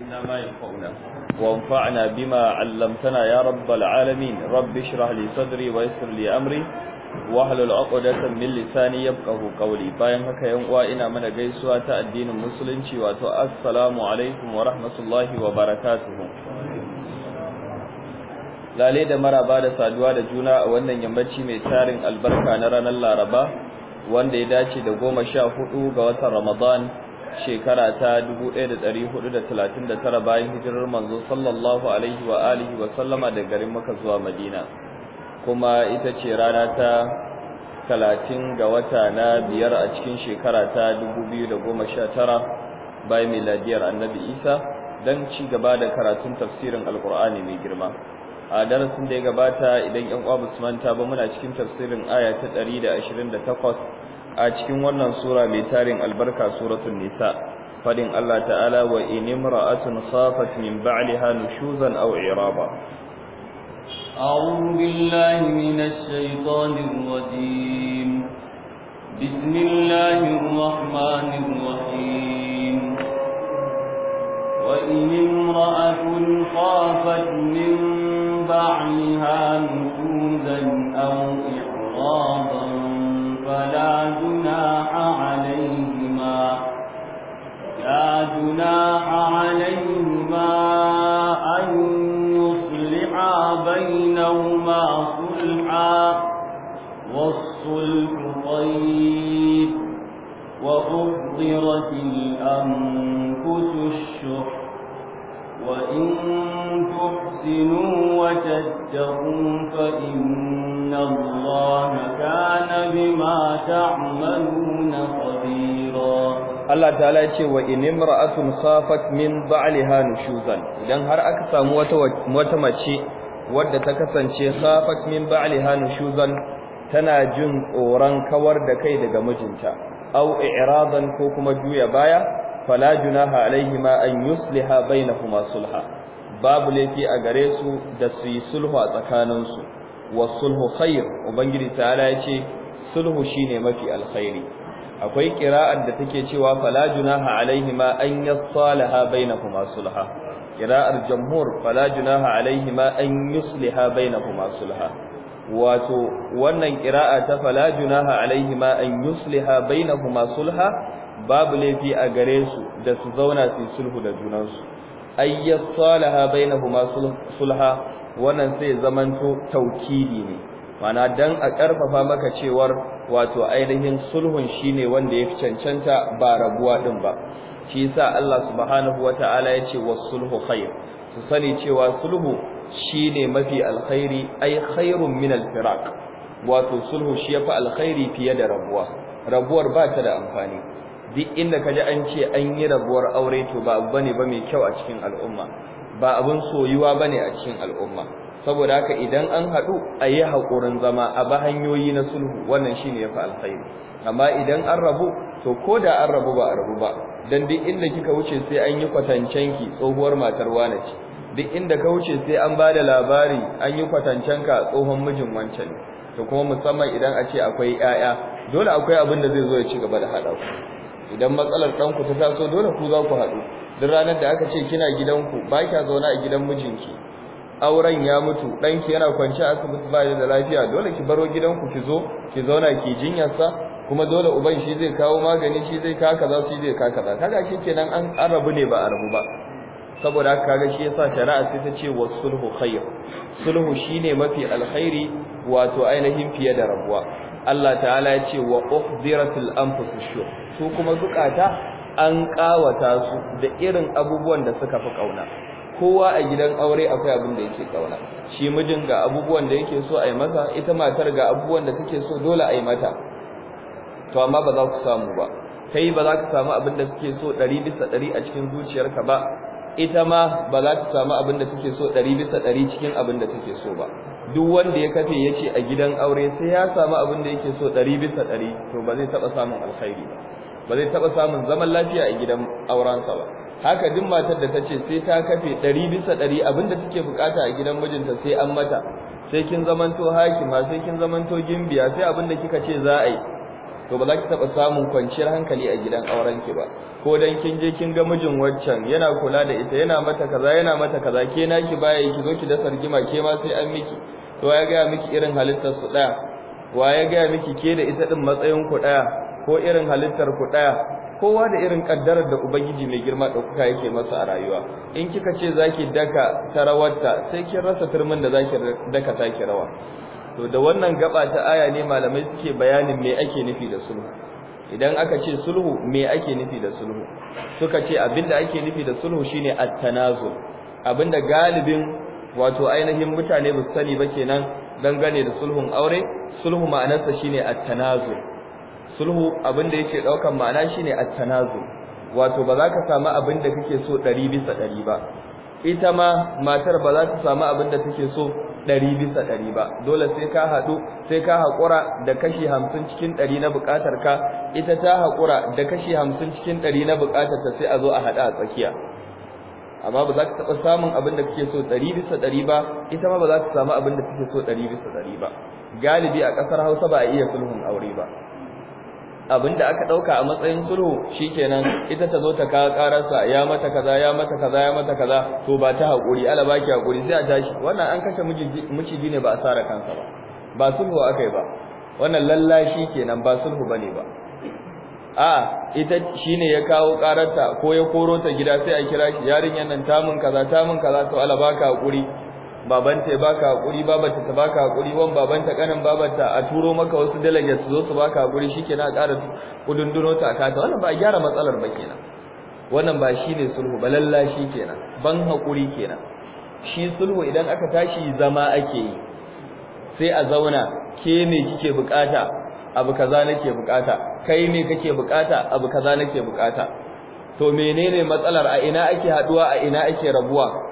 علمنا ما ينفعنا وانفعنا بما علمتنا يا رب العالمين رب اشرح لي صدري ويسر لي أمري wahalul aqdatan min lisani yafqahu qawli bayan haka yan uwa ina mana gaisuwa ta addinin musulunci wato assalamu alaikum wa rahmatullahi wa barakatuh lalai da maraba da saduwa da juna a wannan yammaci mai tarin albarka na ranar Laraba wanda ya dace da goma sha hudu ga watan Ramadan shekara ta 1439 bayan hijirar manzo sallallahu alaihi wa alihi wa sallama da garin Makka zuwa Madina kuma ita ce rana ta 30 ga wata na biyar a cikin shekara ta 2019 bayan miladiyar Annabi Isa dan ci gaba da karatun tafsirin Alkur'ani mai girma a darasin da ya gabata idan ƴan uwa manta ba muna cikin tafsirin aya ta 128 a cikin wannan sura mai tarin albarka suratul nisa fadin Allah ta'ala wa in imra'atun khafat min ba'liha nushuzan aw iraba a'udhu billahi minash shaitanir rajim bismillahir rahmanir rahim wa in imra'atun khafat min ba'liha nushuzan aw iraba فلا جناح عليهما لا جناح عليهما أن يصلحا بينهما صلحا والصلح طيب وأحضرت الأنفس الشح وإن تحسنوا وتتقوا فإن الله كان بما تعملون خبيرا Allah ta'ala ya ce wa inimra'atun khafat min ba'liha nushuzan idan har aka samu wata wata mace wadda ta kasance khafat min ba'liha nushuzan tana jin tsoron kawar da kai daga mijinta au i'radan ko kuma juya baya fala junaha alaihima an yusliha bainahuma sulha babu laifi a gare su da suyi sulhu a tsakaninsu wa sulhu khair ubangiji ta'ala ya ce sulhu shine mafi alkhairi akwai qira'ar da take cewa fala junaha alaihima an yusalaha bainahuma sulha qira'ar jamhur fala junaha alaihima an yusliha bainahuma sulha wato wannan qira'a ta fala junaha alaihima an yusliha bainahuma sulha babu laifi a gare su da su zauna su sulhu da junansu ayyat salaha bainahuma sulha wannan sai zamanto taukidi ne mana dan a ƙarfafa maka cewar wato ainihin sulhun shine wanda ya fi cancanta ba rabuwa ɗin ba shi sa Allah subhanahu wataala yace was-sulhu khair su sani cewa sulhu shine mafi alkhairi ai khairun min alfiraq wato sulhu shi yafi alkhairi fiye da rabuwa rabuwar ba ta da amfani duk inda kaji an ce an yi rabuwar aure to ba abu bane ba mai kyau a cikin al'umma ba abun soyuwa bane a cikin al'umma saboda haka idan an haɗu a yi haƙurin zama a ba hanyoyi na sulhu wannan shi ne ya fi alkhairi amma idan an rabu to ko da an rabu ba a rabu ba don duk inda kika wuce sai an yi kwatancen ki tsohuwar matar wane ce duk inda ka wuce sai an ba da labari an yi kwatancen ka tsohon mijin wancan to kuma musamman idan a ce akwai 'ya'ya dole akwai abin da zai zo ya ci gaba da haɗa idan matsalar ɗanku ta taso dole ku za ku haɗu duk ranar da aka ce kina gidanku ba kya zauna a gidan mijinki auren ya mutu ɗanki yana kwance a asibiti ba da lafiya dole ki baro gidanku ki zo ki zauna ki jinyarsa kuma dole uban shi zai kawo magani shi zai ka kaza shi zai kawo kaza kaga shi kenan an arabu ne ba a rabu ba saboda haka kaga shi yasa shari'a sai ta ce wasulhu khair sulhu shine mafi alkhairi wato ainihin fiye da rabuwa Allah ta'ala ya ce wa uhdiratil anfusush su kuma zukata an kawata su da irin abubuwan da suka fi kauna kowa a gidan aure akwai abin da yake kauna shi mijin ga abubuwan da yake so a yi masa ita matar ga abubuwan da take so dole a yi mata to amma ba za ku samu ba kai ba za ka samu abin da kake so 100 bisa ɗari a cikin zuciyarka ba ita ma ba za ta samu abin da take so 100 bisa ɗari cikin abin da take so ba duk wanda ya kafe yace a gidan aure sai ya samu abin da yake so ɗari bisa 100 to ba zai taba samun alkhairi ba ba zai taba samun zaman lafiya a gidan aurensa ba haka din matar da ta ce sai ta kafe ɗari bisa ɗari abinda take bukata a gidan mijinta sai an mata sai kin zamanto ma, sai kin zamanto gimbiya sai abinda kika ce za a yi to ba za ki taba samun kwanciyar hankali a gidan aurenki ba ko dan kin je kin ga mijin waccan yana kula da ita yana mata kaza yana mata kaza ke na ki baya ki zo ki dasa rigima ke ma sai an miki to ya ga miki irin halittar su daya wa ya ga miki ke da ita din matsayin ku daya ko irin halittar ku daya kowa da irin kaddarar da ubangiji mai girma dauka yake masa a rayuwa in kika ce zaki daka tarawarta sai kin rasa turmin da zaki daka taki rawa to da wannan gaba ta aya ne malamai suke bayanin me ake nufi da sulhu idan aka ce sulhu me ake nufi da sulhu suka ce abinda ake nufi da sulhu shine at-tanazul abinda galibin wato ainihin mutane ba sani ba kenan dangane da sulhun aure sulhu ma'anarsa shine at-tanazul sulhu abin da yake daukan ma'ana shine at-tanazu wato ba za ka samu abin da kake so 100 bisa 100 ba ita ma matar ba za ta samu abin da take so 100 bisa 100 ba dole sai ka hadu sai ka hakura da kashi 50 cikin 100 na bukatar ka ita ta hakura da kashi 50 cikin 100 na bukatar ta sai a zo a hada a tsakiya amma ba za ka taba samun abin da kake so 100 bisa 100 ba ita ma ba za ta samu abin da kake so 100 bisa 100 ba galibi a kasar hausa ba a iya sulhun aure ba abin da aka ɗauka a matsayin sulhu shikenan ita ta zo ta kawo ƙararsa ya mata kaza ya mata kaza ya mata kaza to ba ta haƙuri ala baki haƙuri sai a tashi wannan an kashe miji ne ba a sara kansa ba ba sulhu aka yi ba wannan lallashi kenan ba sulhu bane ba a ita shine ya kawo karanta ko ya koro ta gida sai a kira shi yarinyar nan tamun kaza tamun kaza to ala baka haƙuri babanta ya baka hakuri babanta ta baka hakuri wan babanta kanin babanta a turo maka wasu delegates su zo su baka hakuri shikenan a ƙara kudunduno ta kata wannan ba a gyara matsalar ba kenan wannan ba shine sulhu balalla kenan ban hakuri kenan shi sulhu idan aka tashi zama ake yi sai a zauna ke ne kike bukata abu kaza nake bukata kai me kake bukata abu kaza nake bukata to menene matsalar a ina ake haduwa a ina ake rabuwa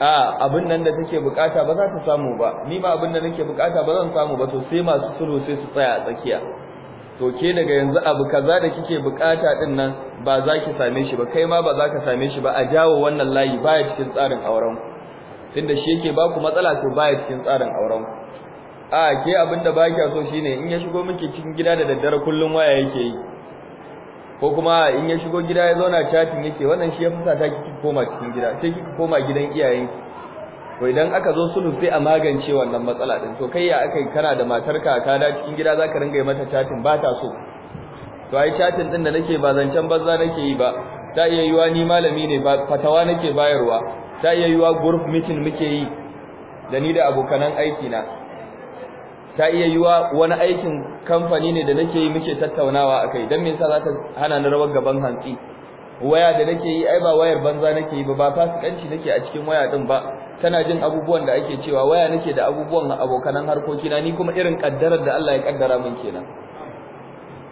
a abin nan da take bukata ba za ta samu ba ni ma abin da nake bukata ba zan samu ba to sai masu sulhu sai su tsaya tsakiya to ke daga yanzu abu kaza da kike bukata din nan ba za ki same shi ba kai ma ba za ka same shi ba a jawo wannan layi baya cikin tsarin auren tunda shi yake ba ku matsala to baya cikin tsarin auren a ke abin da ba kya so shine in ya shigo miki cikin gida da daddare kullum waya yake yi ko kuma in ya shigo gida ya zauna chatting yake wannan shi ya fusa ta kiki koma cikin gida sai kika koma gidan iyayenki to idan aka zo sulhu sai a magance wannan matsala din to kai ya akai kana da matarka ka da cikin gida zaka ringa yi mata chatting ba ta so to ai chatting din da nake ba zancan banza nake yi ba ta iya yiwa ni malami ne ba fatawa nake bayarwa ta iya yiwa group meeting muke yi da ni da abokanan aiki na ta iya yiwa wani aikin kamfani ne da nake yi muke tattaunawa akai dan me yasa za ta hana ni rawar gaban hantsi waya da nake yi ai ba wayar banza nake yi ba ba fasikanci nake a cikin waya din ba tana jin abubuwan da ake cewa waya nake da abubuwan abokanan harkokina ni kuma irin kaddarar da Allah ya kaddara min kenan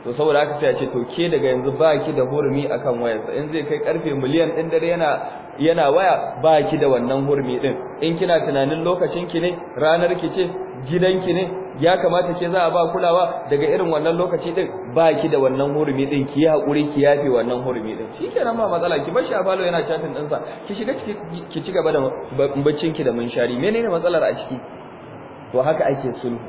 to saboda haka sai a ce to ke daga yanzu ba ki da hurumi akan wayarsa in zai kai karfe miliyan din dare yana yana waya ba ki da wannan hurmi din in kina tunanin lokacin ki ne ranar ki ce gidan ki ne ya kamata ke za a ba kulawa daga irin wannan lokaci din ba ki da wannan hurumi din ki yi hakuri ki yafe wannan hurumi din shikenan ma matsala ki bashi a falo yana chatin din sa ki shiga ki ci gaba da baccin ki da munshari menene matsalar a ciki to haka ake sulhu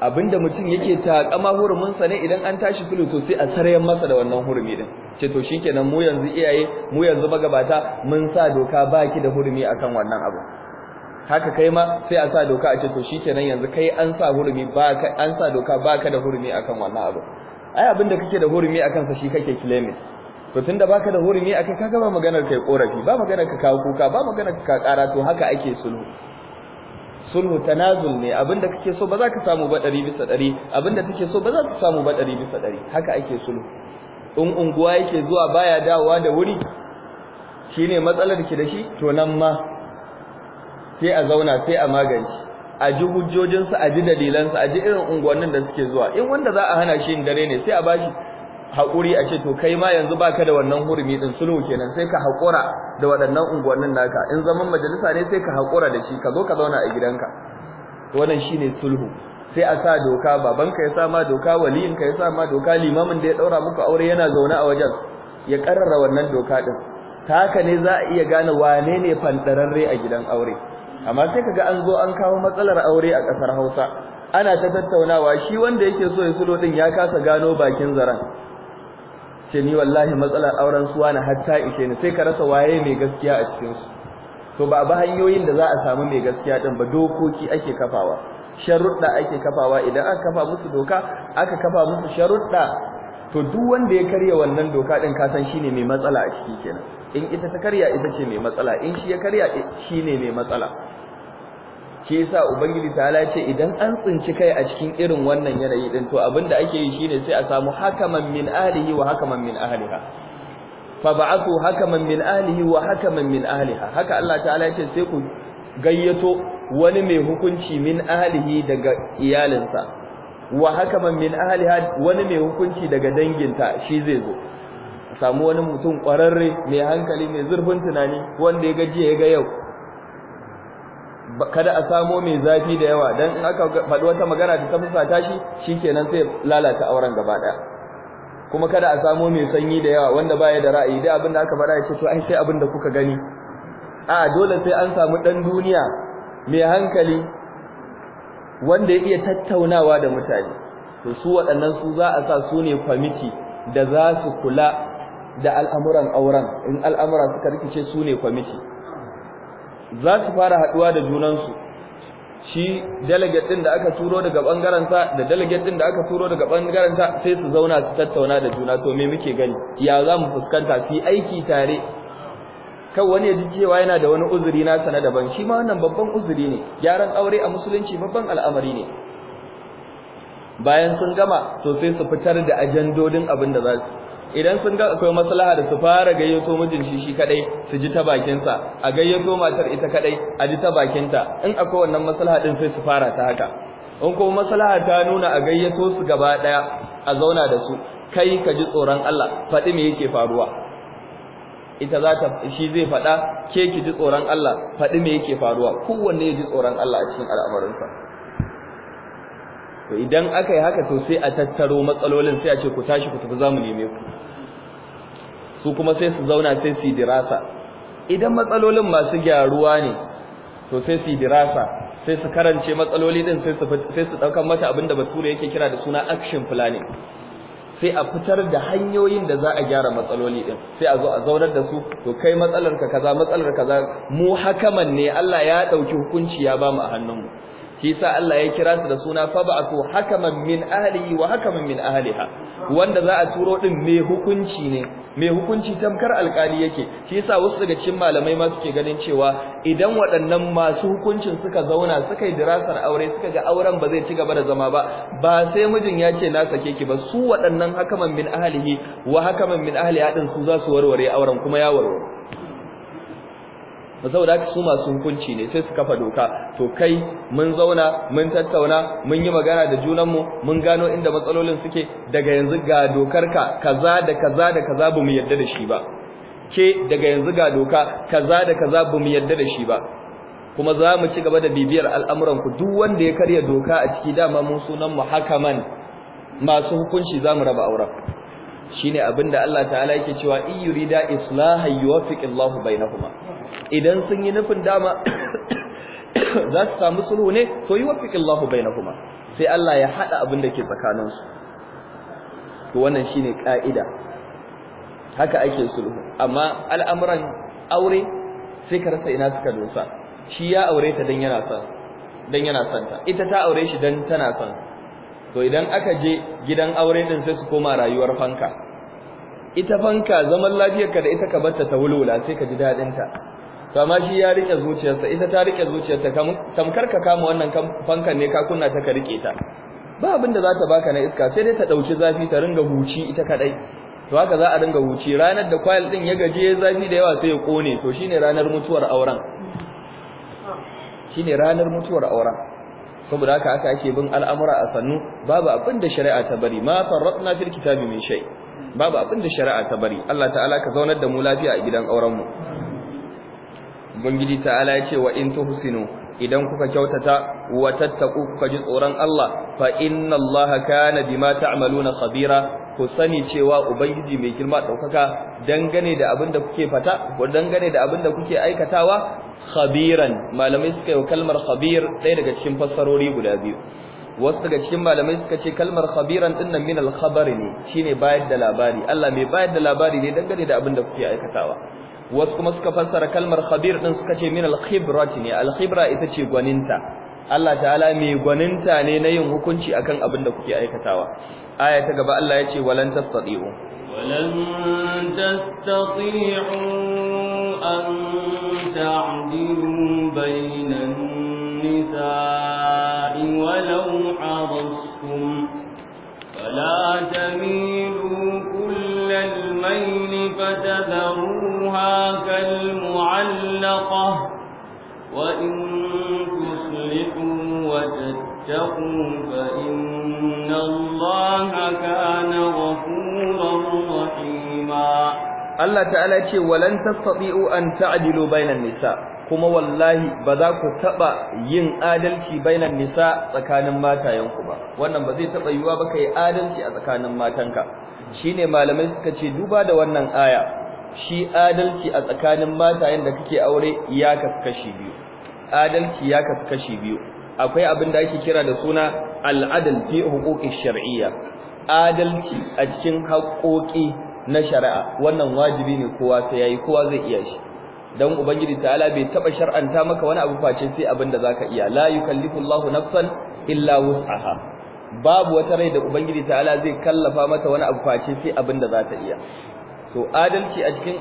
abinda mutum yake kama hurumin sa ne idan an tashi sulhu to sai a sarayen masa da wannan hurumi din ce to shikenan mu yanzu iyaye mu yanzu magabata mun sa doka baki da hurumi akan wannan abu haka kai ma sai a sa doka a ce to shikenan yanzu kai an sa hurumi ba ka an sa doka ba ka da hurumi akan wannan abu ai abin da kake da hurumi akan sa shi kake claiming to tunda baka da hurumi akai kaga ba maganar kai korafi ba maganar ka kawo kuka ba maganar ka kara to haka ake sulhu sulhu tanazul ne abinda kake so ba za ka samu ba 100 bisa 100 abinda kake so ba za ka samu ba 100 bisa 100 haka ake sulhu in unguwa yake zuwa baya dawowa da wuri shine matsalar ki da shi to nan ma sai a zauna sai a magance a ji hujjojinsu a ji dalilansu a ji irin unguwannin da suke zuwa in wanda za a hana shi yin dare ne sai a bashi haƙuri a ce to kai ma yanzu baka da wannan hurumi din sulhu kenan sai ka haƙura da waɗannan unguwannin naka in zaman majalisa ne sai ka haƙura da shi ka zo ka zauna a gidanka wannan shine sulhu sai a sa doka babanka ya sa ma doka waliyin ka ya sa ma doka limamin da ya ɗaura muku aure yana zaune a wajen ya karrara wannan doka din ta haka ne za a iya gane wane ne fandararre a gidan aure amma sai kaga an zo an kawo matsalar aure a kasar Hausa ana ta tattaunawa shi wanda yake so ya sulo din ya kasa gano bakin zaran ce ni wallahi matsalar auren suwa na hatta ishe ni sai ka rasa waye mai gaskiya a cikin su to ba ba hanyoyin da za a samu mai gaskiya din ba dokoki ake kafawa sharuɗa ake kafawa idan aka kafa musu doka aka kafa musu sharuɗa to duk wanda ya karya wannan doka din ka san shine mai matsala a ciki kenan in ita ta karya ita ce mai matsala in shi ya karya eh, shi ne mai matsala shi yasa ubangiji ta lace idan an tsinci kai a cikin irin wannan yanayi din to abin da ake yi shine sai a samu hakaman min ahlihi wa hakaman min ahliha fa ba'athu hakaman min ahlihi wa hakaman min ahliha haka Allah ta'ala ce sai ku gayyato wani mai hukunci min ahlihi daga iyalinsa wa hakaman min ahliha wani mai hukunci daga danginta shi zai zo samu wani mutum kwararre mai hankali mai zurfin tunani wanda ya gajiya ya ga yau kada a samo mai zafi da yawa don in aka faɗi wata magana ta tafasa ta shi kenan sai lalata auren gaba ɗaya kuma kada a samo mai sanyi da yawa wanda baya da ra'ayi dai abin da aka faɗa ya ce to ai sai abin da kuka gani a dole sai an samu ɗan duniya mai hankali wanda ya iya tattaunawa da mutane to su waɗannan su za a sa su ne kwamiti da za su kula da al'amuran auren in al'amura suka rikice su ne kwamiti za su fara haɗuwa da junansu shi delegate din da aka turo daga ɓangaranta, da delegate da aka turo daga ɓangaranta sai su zauna su tattauna da juna to me muke gani ya za mu fuskanta su aiki tare kan wani ya ji cewa yana da wani uzuri na sana daban shi ma wannan babban uzuri ne gyaran aure a musulunci babban al'amari ne bayan sun gama to sai su fitar da ajandodin abin da za su idan sun ga akwai maslaha da su fara gayyato mijin shi shi kadai su ji ta bakinsa a gayyato matar ita kadai a ji ta bakinta in akwai wannan maslaha din sai su fara ta haka in kuma maslaha ta nuna a gayyato su gaba daya a zauna da su kai ka ji tsoron Allah faɗi me yake faruwa ita za ta shi zai faɗa ke ki ji tsoron Allah faɗi me yake faruwa kowanne ya ji tsoron Allah a cikin al'amuransa. to idan aka yi haka to sai a tattaro matsalolin sai a ce ku tashi ku tafi zamu neme ku su kuma sai su zauna sai su dirasa idan matsalolin masu gyaruwa ne to sai su dirasa sai su karance matsaloli din sai su sai su daukan mata abinda bature yake kira da suna action planning sai a fitar da hanyoyin da za a gyara matsaloli din sai a zo a zaunar da su to kai matsalar ka kaza matsalar kaza mu hakaman ne Allah ya dauki hukunci ya ba mu a hannunmu shi yasa Allah ya kira su da suna fab'atu hakaman min ahlihi wa hakaman min ahliha wanda za a turo din mai hukunci ne mai hukunci tamkar alkali yake shi yasa wasu daga cikin malamai ma suke ganin cewa idan waɗannan masu hukuncin suka zauna suka yi dirasar aure suka ga auren ba zai ci gaba da zama ba ba sai mijin ya ce na sake ki ba su waɗannan hakaman min ahlihi wa hakaman min ahliha din su za su warware auren kuma ya warware ba saboda haka su masu hukunci ne sai su kafa doka to kai mun zauna mun tattauna mun yi magana da junanmu mun gano inda matsalolin suke daga yanzu ga dokarka kaza da kaza da kaza bamu yarda da shi ba ke daga yanzu ga doka kaza da kaza bamu yarda da shi ba kuma za mu ci gaba da bibiyar al'amuran ku duk wanda ya karya doka a ciki dama mun sunan mu hakaman masu hukunci za mu raba auren shine abinda Allah ta'ala yake cewa in yurida islaha na bainahuma idan sun yi nufin dama za su samu sulhu ne to na bainahuma sai Allah ya hada abin da ke tsakanin su to wannan shine kaida haka ake sulhu amma al'amuran aure sai ka rasa ina suka dosa shi ya aure ta dan yana son dan yana son ta ita ta aure shi dan tana son to idan aka je gidan aure din sai su koma rayuwar fanka ita fanka zaman lafiyarka da ita ka batta ta wulwula sai ka ji dadin ta to amma shi ya rike zuciyarsa ita ta rike zuciyarta tamkar ka kama wannan fanka ne ka kunna ta ka rike ta ba abin da za ta baka na iska sai dai ta dauki zafi ta ringa huci ita kadai to haka za a ringa huci ranar da kwal din ya gaje zafi da yawa sai ya kone to shine ranar mutuwar auren shine ranar mutuwar auren saboda haka haka ake bin al'amura a sannu babu abin da shari'a ta bari ma farratna fil kitabi min shay babu abin da shari'a ta bari Allah ta'ala ka zaunar da mu lafiya a gidan auren mu ubangiji ta'ala ya ce wa in tuhsinu idan kuka kyautata wa tattaku kuka ji tsoron Allah fa inna Allah kana bima ta'maluna khabira ku sani cewa ubangiji mai girma daukaka dangane da abin da kuke fata ko dangane da abin da kuke aikatawa khabiran malamai suka yi kalmar khabir ɗaya daga cikin fassarori guda biyu wasu daga cikin malamai suka ce kalmar khabiran din nan min al khabar ne shine bayar da labari Allah mai bayar da labari ne dangane da abin da kuke aikatawa wasu kuma suka fassara kalmar khabir din suka ce min al khibrat ne al khibra ita ce gwaninta Allah ta'ala mai gwaninta ne na yin hukunci akan abin da kuke aikatawa aya ta gaba Allah ya ce walan tastati'u walan tastati'u an ta'dilu bainan nisa'i walau harastum fala tamilu kullal mayl fatadharuha kal mu'allaqa wa in allah ta'ala فإن wa كان ce walan tastati'u an ta'dilu bainan nisa kuma wallahi ba za ku taba yin adalci bainan nisa tsakanin matayenku ba wannan ba zai taba yiwa ba kai adalci a tsakanin matanka shine malamai suka ce duba da wannan aya shi adalci a tsakanin matayen da kake aure iyaka kashi biyu adalci ya kasu kashi biyu akwai abin da ake kira da suna al'adal fi huquqi shar'iyya adalci a cikin haƙoƙi na shari'a wannan wajibi ne kowa sai yayi kowa zai iya shi dan ubangiji ta'ala bai taba shar'anta maka wani abu face sai abin da zaka iya la yukallifullahu nafsan illa wus'aha babu wata rai da ubangiji ta'ala zai kallafa mata wani abu face sai abin da zata iya to adalci a cikin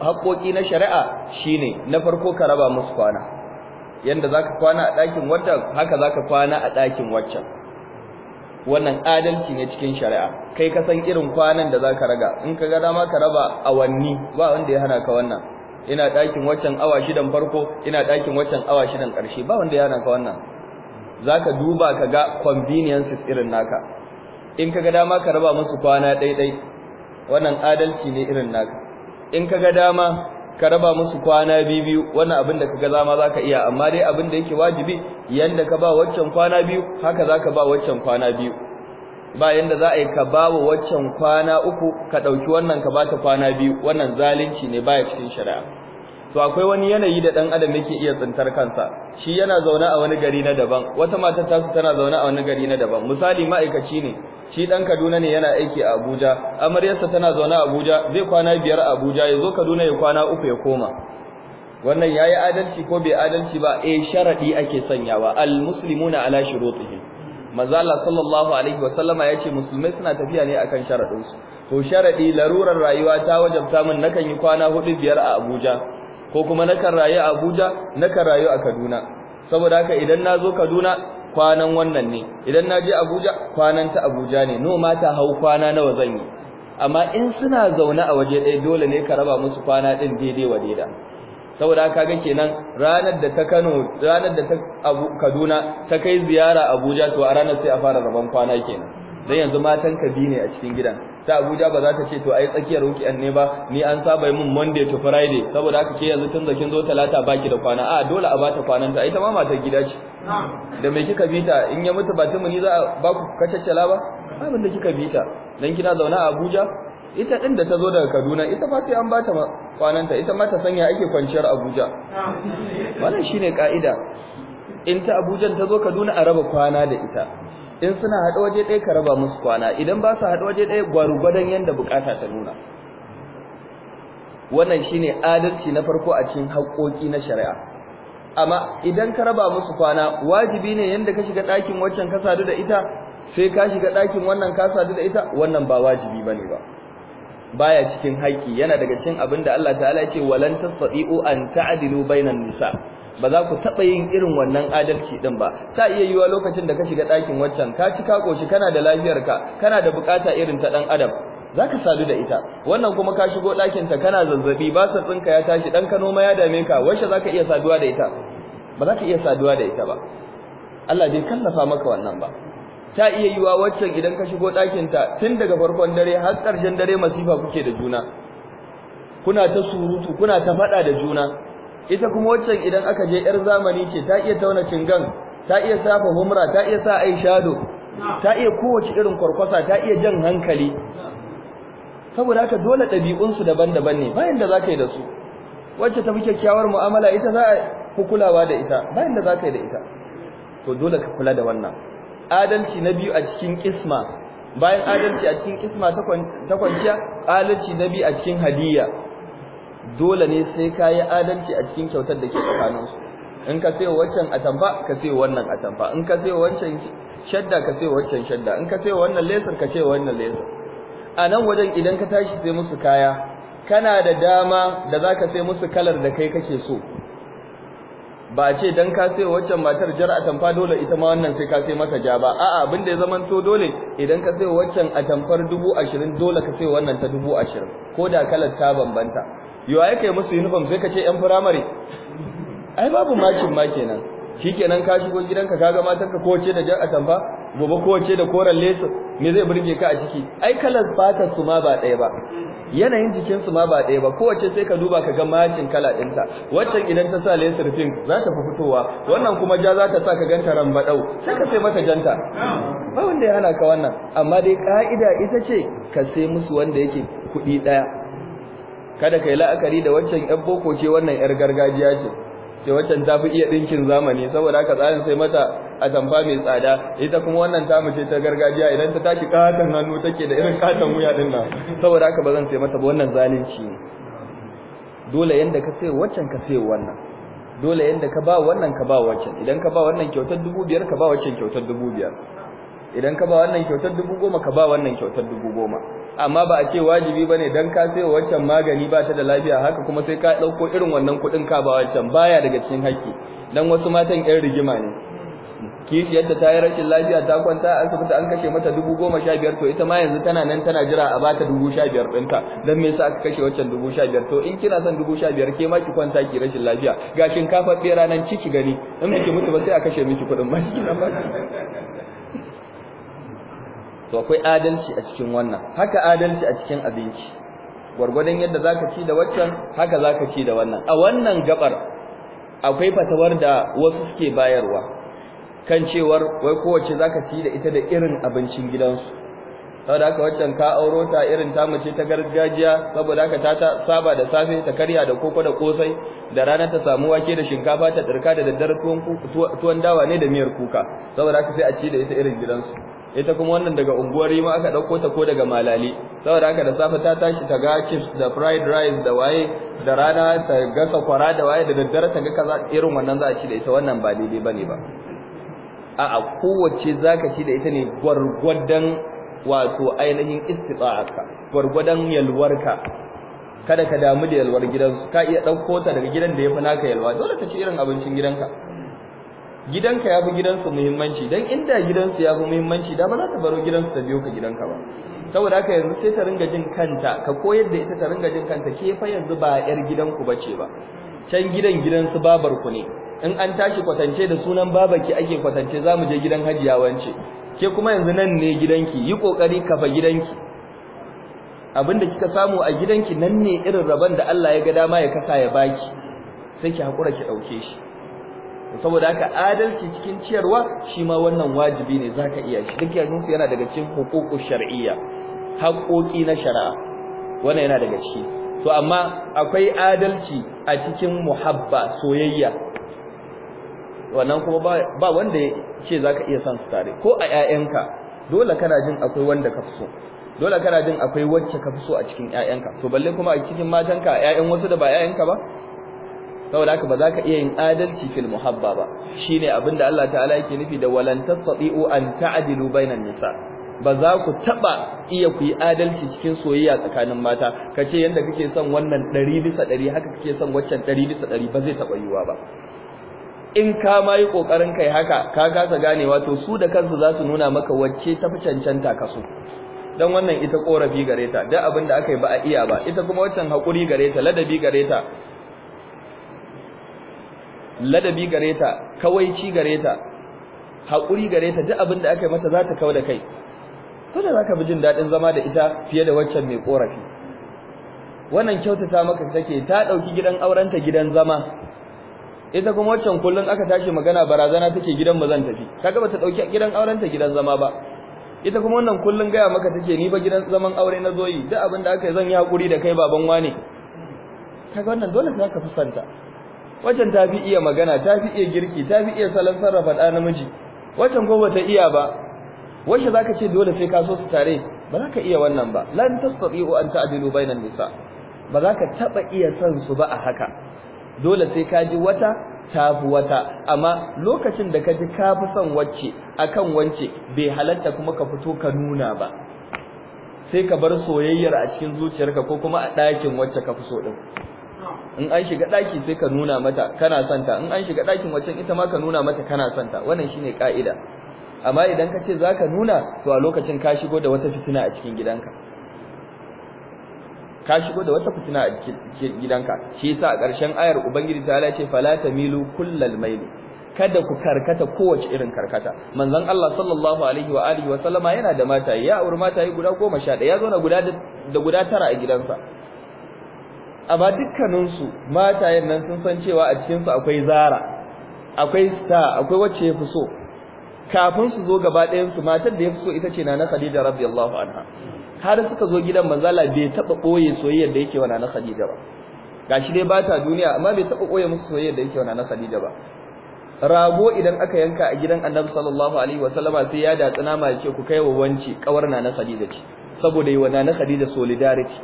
haƙoƙi na shari'a shine na farko ka raba musu kwana yanda zaka kwana a ɗakin wata haka zaka kwana a ɗakin waccan wannan adalci ne cikin shari'a kai ka san irin kwanan da zaka raga in ka ga dama ka raba awanni ba wanda ya hana ka wannan ina ɗakin waccan awa shidan farko ina ɗakin waccan awa shidan ƙarshe ba wanda ya hana ka wannan zaka duba ka ga conveniences irin naka in ka ga dama ka raba musu kwana ɗaiɗai wannan adalci ne irin naka in ka ga dama ka raba musu kwana biyu biyu wannan abin da kaga zama zaka iya amma dai abin da yake wajibi yanda ka ba waccan kwana biyu haka zaka ba waccan kwana biyu ba yanda za a yi ka ba wa waccan kwana uku ka dauki wannan ka bata kwana biyu wannan zalunci ne baya cikin shari'a to akwai wani yanayi da dan adam yake iya tsintar kansa shi yana zaune a wani gari na daban wata mata ta tana zaune a wani gari na daban misali ma'aikaci ne shi dan Kaduna ne yana aiki a Abuja amaryarsa tana zaune Abuja zai kwana biyar a Abuja zo Kaduna ya kwana uku ya koma wannan ya yi adalci ko bai adalci ba eh sharaɗi ake sanyawa al na ala shurutihim manzo Mazala sallallahu alaihi wa sallama ya ce, musulmai suna tafiya ne akan sharaɗinsu to sharaɗi larurar rayuwa ta wajabta min nakan yi kwana hudu biyar a Abuja ko kuma nakan rayu a Abuja nakan rayu a Kaduna saboda haka idan na zo Kaduna kwanan wannan ne idan na je Abuja kwanan ta Abuja ne no mata hau kwana nawa zan yi amma in suna zaune a waje ɗaya dole ne ka raba musu kwana ɗin daidai wa daida saboda ga kenan ranar da ta Kano ranar da ta Kaduna ta kai ziyara Abuja to a ranar sai a fara raban kwana kenan dan yanzu matan ka bi ne a cikin gidan ta Abuja ba za ta ce to ai tsakiyar weekend ne ba ni an saba mun Monday to Friday saboda haka ke yanzu tun da kin zo Talata baki da kwana a dole a bata kwanan ta ai ta mama ta gida ce da me kika bita in ya mutu ba ta muni za a ba ku kacaccala ba abin da kika bita dan kina zauna a Abuja ita din da ta zo daga Kaduna ita fa sai an bata kwananta ita ma ta sanya ake kwanciyar Abuja wannan shine kaida in ta Abuja ta zo Kaduna a raba kwana da ita in suna haɗa waje ɗaya ka raba musu kwana idan ba su haɗa waje ɗaya gwargwadon yadda bukata ta nuna wannan shine adalci na farko a cikin haƙoƙi na shari'a amma idan ka raba musu kwana wajibi ne yadda ka shiga ɗakin waccan ka sadu da ita sai ka shiga ɗakin wannan ka sadu da ita wannan ba wajibi bane ba baya cikin haƙƙi yana daga cikin abin da Allah ta'ala ya ce walan tastati'u an ta'dilu bainan nisa' ba za ku taɓa yin irin wannan adalci ɗin ba ta iya yiwa lokacin da ka shiga ɗakin waccan ka ci ka ƙoshi kana da lafiyarka kana da buƙata irin ta ɗan adam za ka sadu da ita wannan kuma ka shigo ɗakinta kana zazzabi ba sa tsinka ya tashi ɗan ka noma ya dame ka wacce za ka iya saduwa da ita ba za ka iya saduwa da ita ba Allah bai kallafa maka wannan ba ta iya yiwa waccan idan ka shigo ɗakinta tun daga farkon dare har ƙarshen dare masifa kuke da juna kuna ta surutu kuna ta faɗa da juna ita kuma waccan idan aka je yar zamani ce ta iya tauna cingan ta iya safa humra ta iya sa ai shado ta iya kowace irin kwarkwasa ta iya jan hankali saboda haka dole ɗabi'un su daban-daban ne bayan da zaka yi da su wacce ta fi kyakkyawar mu'amala ita za a fi kulawa da ita bayan da zaka yi da ita to dole ka kula da wannan adalci na biyu a cikin kisma bayan adalci a cikin kisma ta kwanciya adalci na biyu a cikin hadiyya dole ne sai ka yi adalci a cikin kyautar da ke tsakaninsu in ka sayo waccan atamfa ka sayo wannan atamfa in ka sayo waccan shadda ka sayo waccan shadda in ka sayo wannan lesar ka sayo wannan lesar a nan wajen idan ka tashi sai musu kaya kana da dama da za ka sai musu kalar da kai kake so ba a ce dan ka sai waccan matar jar atamfa dole ita ma wannan sai ka sai mata ja ba a'a abin da ya zama to dole idan ka sai waccan atamfar ashirin, dole ka sai wannan ta dubu ashirin. ko da kalar ta bambanta yawa ya kai musu uniform sai ka ce yan firamare ai babu makin ma kenan shikenan ka shigo gidanka kaga matan ka kowace da jar atamba gobe kowace da koren leso me zai burge ka a ciki ai kalar fatar su ma ba ɗaya ba yanayin jikin su ma ba ɗaya ba kowace sai ka duba ka ga makin kala ɗinta Wancan idan ta sa lesar pink za ta fi fitowa wannan kuma ja za ta sa ka ganta baɗau. sai ka sai mata janta ba wanda ya hana ka wannan amma dai ka'ida ita ce ka sai musu wanda yake kuɗi ɗaya kada kai la'akari da waccan yar boko ce wannan yar gargajiya ce ce waccan ta fi iya dinkin zamani saboda haka tsarin sai mata a tamfa mai tsada ita kuma wannan ta mace ta gargajiya idan ta tashi katon hannu take da irin katon wuya din nan saboda haka ba zan sai mata ba wannan zalunci ne dole yanda ka sai waccan ka sai wannan dole yanda ka ba wannan ka ba waccan idan ka ba wannan kyautar dubu biyar ka ba waccan kyautar dubu biyar idan ka ba wannan kyautar dubu goma ka ba wannan kyautar dubu goma amma ba a ce wajibi ba ne don ka sayo wancan magani ba ta da lafiya haka kuma sai ka ɗauko irin wannan kuɗin ka ba wancan baya daga cikin haƙƙi don wasu matan ƴan rigima ne kishi yadda ta yi rashin lafiya ta kwanta a asibiti an kashe mata dubu goma sha biyar to ita ma yanzu tana nan tana jira a bata dubu sha biyar ɗinta don me yasa aka kashe waccan dubu sha biyar to in kina son dubu sha biyar ke ma ki kwanta ki rashin lafiya gashin kafa tsera nan ciki gani in miki mutu ba sai a kashe miki kuɗin ba shi ba to akwai adalci a cikin wannan haka adalci a cikin abinci gurgurdan yadda zaka ci da waccan haka zaka ci da wannan a wannan gabar akwai fatawar da wasu suke bayarwa kan cewar wai kowace zaka ci da ita da irin abincin gidansu saboda haka waccan ka auro ta irin ta mace ta gargajiya saboda haka ta ta saba da safe ta karya da koko da kosai da rana ta samu wake da shinkafa ta tsirka da daddare tuwon dawa ne da miyar kuka saboda haka sai a ci da ita irin gidansu ita kuma wannan daga unguwar ma aka ɗauko ta ko daga malali saboda haka da safe ta tashi ta ga chips da fried rice da waye da rana ta ga sakwara da waye da daddare ta ga kaza irin wannan za a ci da ita wannan ba daidai bane ba a'a kowace zaka ci da ita ne gwargwadon wato ainihin istita'aka gwargwadon yalwarka kada ka damu da yalwar gidansu ka iya ɗauko ta daga gidan da ya fi naka yalwa dole ta ci irin abincin gidanka gidanka ya fi gidansu muhimmanci dan inda gidansu ya fi muhimmanci da ba za ta baro gidansu ta biyo ka gidanka ba saboda aka yanzu sai ta ringa jin kanta ka koyar da ita ta ringa jin kanta ke fa yanzu ba yar gidanku bace ba can gidan gidansu babar ku ne in an tashi kwatance da sunan babaki ake kwatance za mu je gidan hajiya wance ke kuma yanzu nan ne gidanki yi kokari kafa gidanki abinda kika samu a gidanki nan ne irin rabon da Allah ya ga dama ya kasa ya baki sai ki hakura ki dauke shi saboda haka adalci cikin ciyarwa shi ma wannan wajibi ne zaka iya shi duk yakin su yana daga cikin huququ shar'iyya haƙoƙi na shari'a wannan yana daga ciki to amma akwai adalci a cikin muhabba soyayya wannan kuma ba wanda ya ce zaka iya san su tare ko a ƴaƴanka dole kana jin akwai wanda ka fi so dole kana jin akwai wacce ka fi so a cikin ƴaƴanka to balle kuma a cikin matanka ƴaƴan wasu da ba ƴaƴanka ba saboda haka ba za ka iya yin adalci fil muhabba ba shine abinda Allah ta'ala yake nufi da walan tastati'u an ta'dilu bainan nisa ba za ku taba iya ku yi adalci cikin soyayya tsakanin mata kace yanda kake son wannan 100 bisa 100 haka kake son waccan 100 bisa 100 ba zai taba yiwa ba in ka ma yi kokarin kai haka ka kasa ganewa to su da kansu za su nuna maka wacce ta fi cancanta ka so dan wannan ita korafi gareta, ta duk abinda aka yi ba a iya ba ita kuma waccan hakuri gareta, ladabi gareta. ladabi gare ta kawaici gare ta haƙuri gare ta duk abin da aka yi mata za ta kawo da kai dole da zaka bi jin daɗin zama da ita fiye da waccan mai ƙorafi wannan kyautata maka take ta ɗauki gidan aurenta gidan zama ita kuma waccan kullum aka tashi magana barazana take gidan ba zan tafi kaga ba ta ɗauki gidan aurenta gidan zama ba ita kuma wannan kullum gaya maka take ni ba gidan zaman aure na zoyi duk abin da aka yi zan yi haƙuri da kai baban wane kaga wannan dole za ka fi santa wacan ta fi iya magana ta fi iya girki ta fi iya salon sarrafa ɗa namiji wacan ko bata iya ba wacce zaka ce dole sai ka so su tare ba za ka iya wannan ba lan tastati'u an ta'dilu bainan nisa ba za ka taɓa iya san su ba a haka dole sai ka ji wata ta fi wata amma lokacin da ka ji ka fi son wacce a kan wance bai halatta kuma ka fito ka nuna ba sai ka bar soyayyar a cikin zuciyarka ko kuma a ɗakin wacce ka fi so ɗin. in an shiga daki sai ka nuna mata kana santa in an shiga dakin wacce, ita ma ka nuna mata kana santa wannan shine ka'ida amma idan ka ce zaka nuna to a lokacin ka shigo da wata fitina a cikin gidanka ka shigo da wata fitina a cikin gidanka shi yasa a ƙarshen ayar ubangiji ta ce fala tamilu kullal mail kada ku karkata kowace irin karkata manzon Allah sallallahu alaihi wa alihi wa sallama yana da mataye ya aure mataye guda 11 ya zauna guda da guda tara a gidansa amma dukkaninsu matayen nan sun san cewa a cikinsu akwai zara akwai star akwai wacce ya fi so kafin su zo gaba ɗayansu matar da ya fi so ita ce nana khadija radiyallahu anha har suka zo gidan manzala bai taɓa ɓoye soyayyar da yake wa nana khadija ba gashi dai ba ta duniya amma bai taɓa ɓoye musu soyayyar da yake wa nana khadija ba rago idan aka yanka a gidan annabi sallallahu alaihi wa sallama sai ya da nama ya ke ku kai wa wanci kawar nana khadija ce saboda yi wa nana khadija solidarity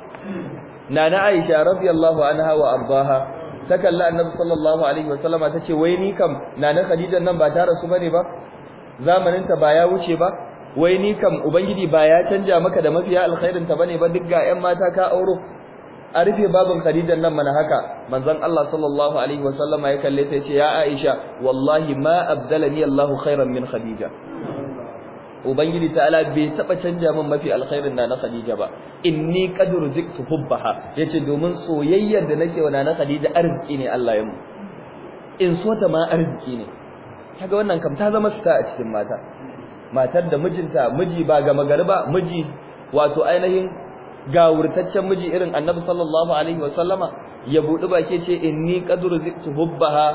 nana Aisha radiyallahu anha wa ardaha ta kalla annabi sallallahu alaihi wa sallama tace wai ni kam nana Khadija nan ba ta rasu bane ba zamanin ta ba ya wuce ba wai ni kam ubangiji ba ya canja maka da mafiya alkhairin ta bane ba duk ga ƴan mata ka auro a rufe babin Khadija nan mana haka manzon Allah sallallahu alaihi wa sallama ya kalle ta ce ya Aisha wallahi ma abdalani Allahu khairan min Khadija ubangiji ta'ala bai taba canja min mafi alkhairin na na khadija ba inni qad ruzqtu hubbaha yace domin soyayyar da nake wa na khadija arziki ne Allah ya mu in so ta ma arziki ne kaga wannan kam ta zama suka a cikin mata matar da mijinta miji ba ga magariba miji wato ainihin gawurtaccen miji irin annabi sallallahu alaihi wa sallama ya budi baki ce inni qad ruzqtu hubbaha